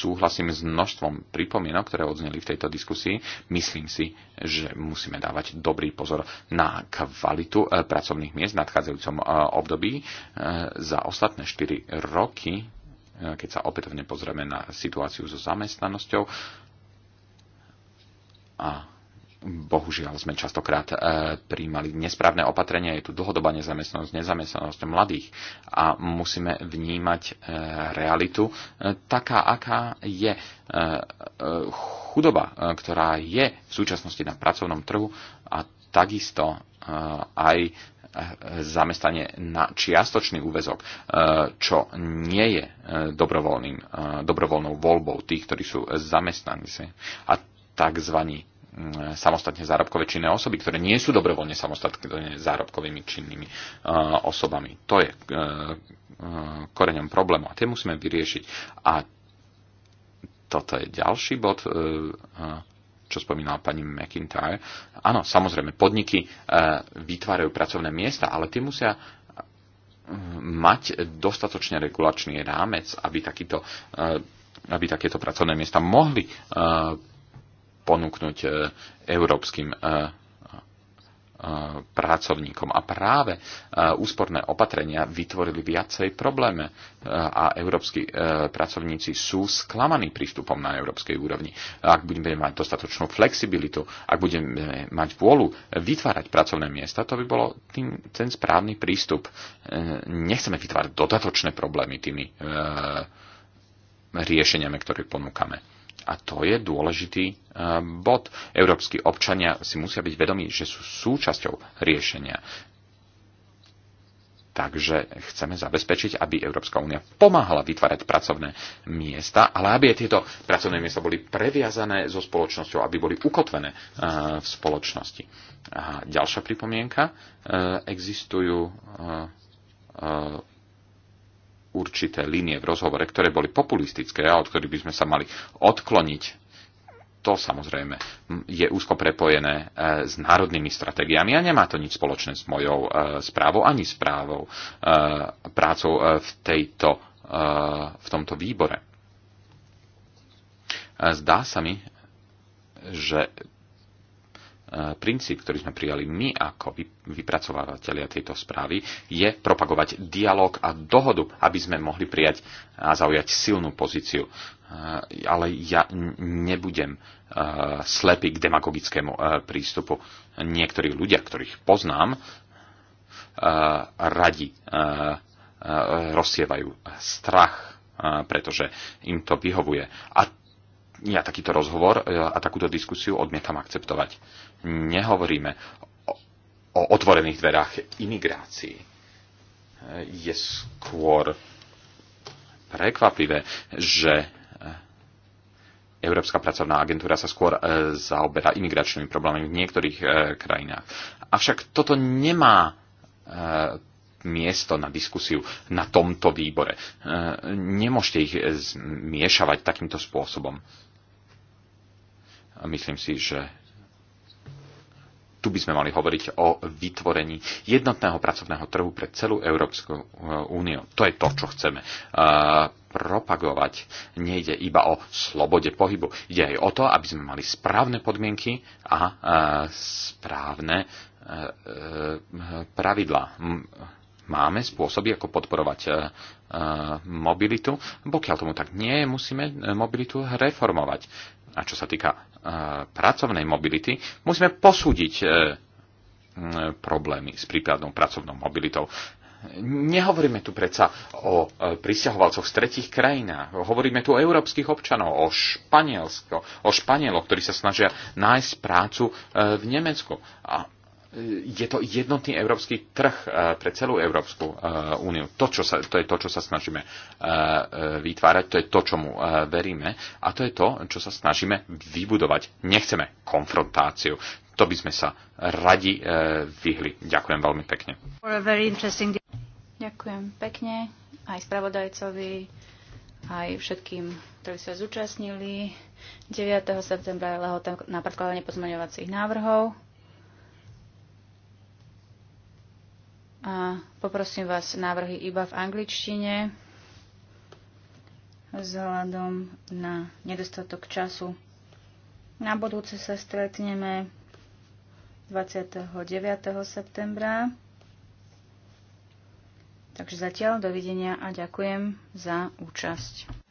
Súhlasím s množstvom pripomienok, ktoré odzneli v tejto diskusii. Myslím si, že musíme dávať dobrý pozor na kvalitu pracovných miest v nadchádzajúcom období. Za ostatné 4 roky keď sa opätovne pozrieme na situáciu so zamestnanosťou, a bohužiaľ sme častokrát e, príjmali nesprávne opatrenia. Je tu dlhodobá nezamestnanosť, nezamestnanosť mladých a musíme vnímať e, realitu e, taká, aká je chudoba, ktorá je v súčasnosti na pracovnom trhu a takisto aj zamestanie na čiastočný úvezok, čo nie je dobrovoľným, dobrovoľnou voľbou tých, ktorí sú zamestnaní a tzv. Mm, samostatne zárobkové činné osoby, ktoré nie sú dobrovoľne samostatne zárobkovými činnými eh, osobami. To je eh, eh, koreňom problému a tie musíme vyriešiť. A toto je ďalší bod, čo spomínala pani McIntyre. Áno, samozrejme, podniky vytvárajú pracovné miesta, ale tie musia mať dostatočne regulačný rámec, aby takýto aby takéto pracovné miesta mohli ponúknuť e, európskym e, e, pracovníkom. A práve úsporné opatrenia vytvorili viacej probléme a európsky pracovníci sú sklamaní prístupom na európskej úrovni. Ak budeme mať dostatočnú flexibilitu, ak budeme mať vôľu vytvárať pracovné miesta, to by bolo tým, ten správny prístup. Nechceme vytvárať dodatočné problémy tými riešeniami, ktoré ponúkame a to je dôležitý e, bod. Európsky občania si musia byť vedomí, že sú súčasťou riešenia. Takže chceme zabezpečiť, aby Európska únia pomáhala vytvárať pracovné miesta, ale aby tieto pracovné miesta boli previazané so spoločnosťou, aby boli ukotvené e, v spoločnosti. A ďalšia pripomienka. E, existujú určité línie v rozhovore, ktoré boli populistické a od ktorých by sme sa mali odkloniť. To samozrejme je úzko prepojené e, s národnými stratégiami a nemá to nič spoločné s mojou e, správou ani správou e, prácou v, tejto, v tomto výbore. Zdá sa mi, že princíp, ktorý sme prijali my ako vypracovávateľia tejto správy, je propagovať dialog a dohodu, aby sme mohli prijať a zaujať silnú pozíciu. E, ale ja nebudem e, slepý k demagogickému e, prístupu. Niektorí ľudia, ktorých poznám, radi rozsievajú strach, pretože im to vyhovuje. A ja takýto rozhovor e, a takúto diskusiu odmietam akceptovať. Nehovoríme o otvorených dverách imigrácii. E, je skôr prekvapivé, že e, Európska pracovná agentúra sa skôr zaoberá imigračnými problémami v niektorých krajinách. Avšak toto nemá miesto na diskusiu na tomto výbore. Nemôžete ich zmiešavať takýmto spôsobom myslím si, že tu by sme mali hovoriť o vytvorení jednotného pracovného trhu pre celú Európsku e, úniu. To je to, čo chceme e, propagovať. Nejde iba o slobode pohybu. Ide aj o to, aby sme mali správne podmienky a e, správne pravidlá. Máme spôsoby, ako podporovať mobilitu. Pokiaľ tomu tak nie je, musíme mobilitu reformovať. A čo sa týka e, pracovnej mobility, musíme posúdiť e, problémy s prípadnou pracovnou mobilitou. Nehovoríme tu predsa o e, pristahovalcoch z tretich krajinách. Hovoríme tu o európskych občanov, o Španielsko, o Španieloch, ktorí sa snažia nájsť prácu v Nemecku. A je to jednotný európsky trh eh, pre celú Európsku eh, úniu. To, čo sa, to je to, čo sa snažíme eh, vytvárať, to je to, čomu veríme a to je to, čo sa snažíme vybudovať. Nechceme konfrontáciu. To by sme sa radi vyhli. Ďakujem veľmi pekne. Ďakujem pekne aj spravodajcovi, aj všetkým, ktorí sa zúčastnili. 9. septembra je lehota na predkladanie pozmeňovacích návrhov. A poprosím vás návrhy iba v angličtine vzhľadom na nedostatok času. Na budúce sa stretneme 29. septembra. Takže zatiaľ dovidenia a ďakujem za účasť.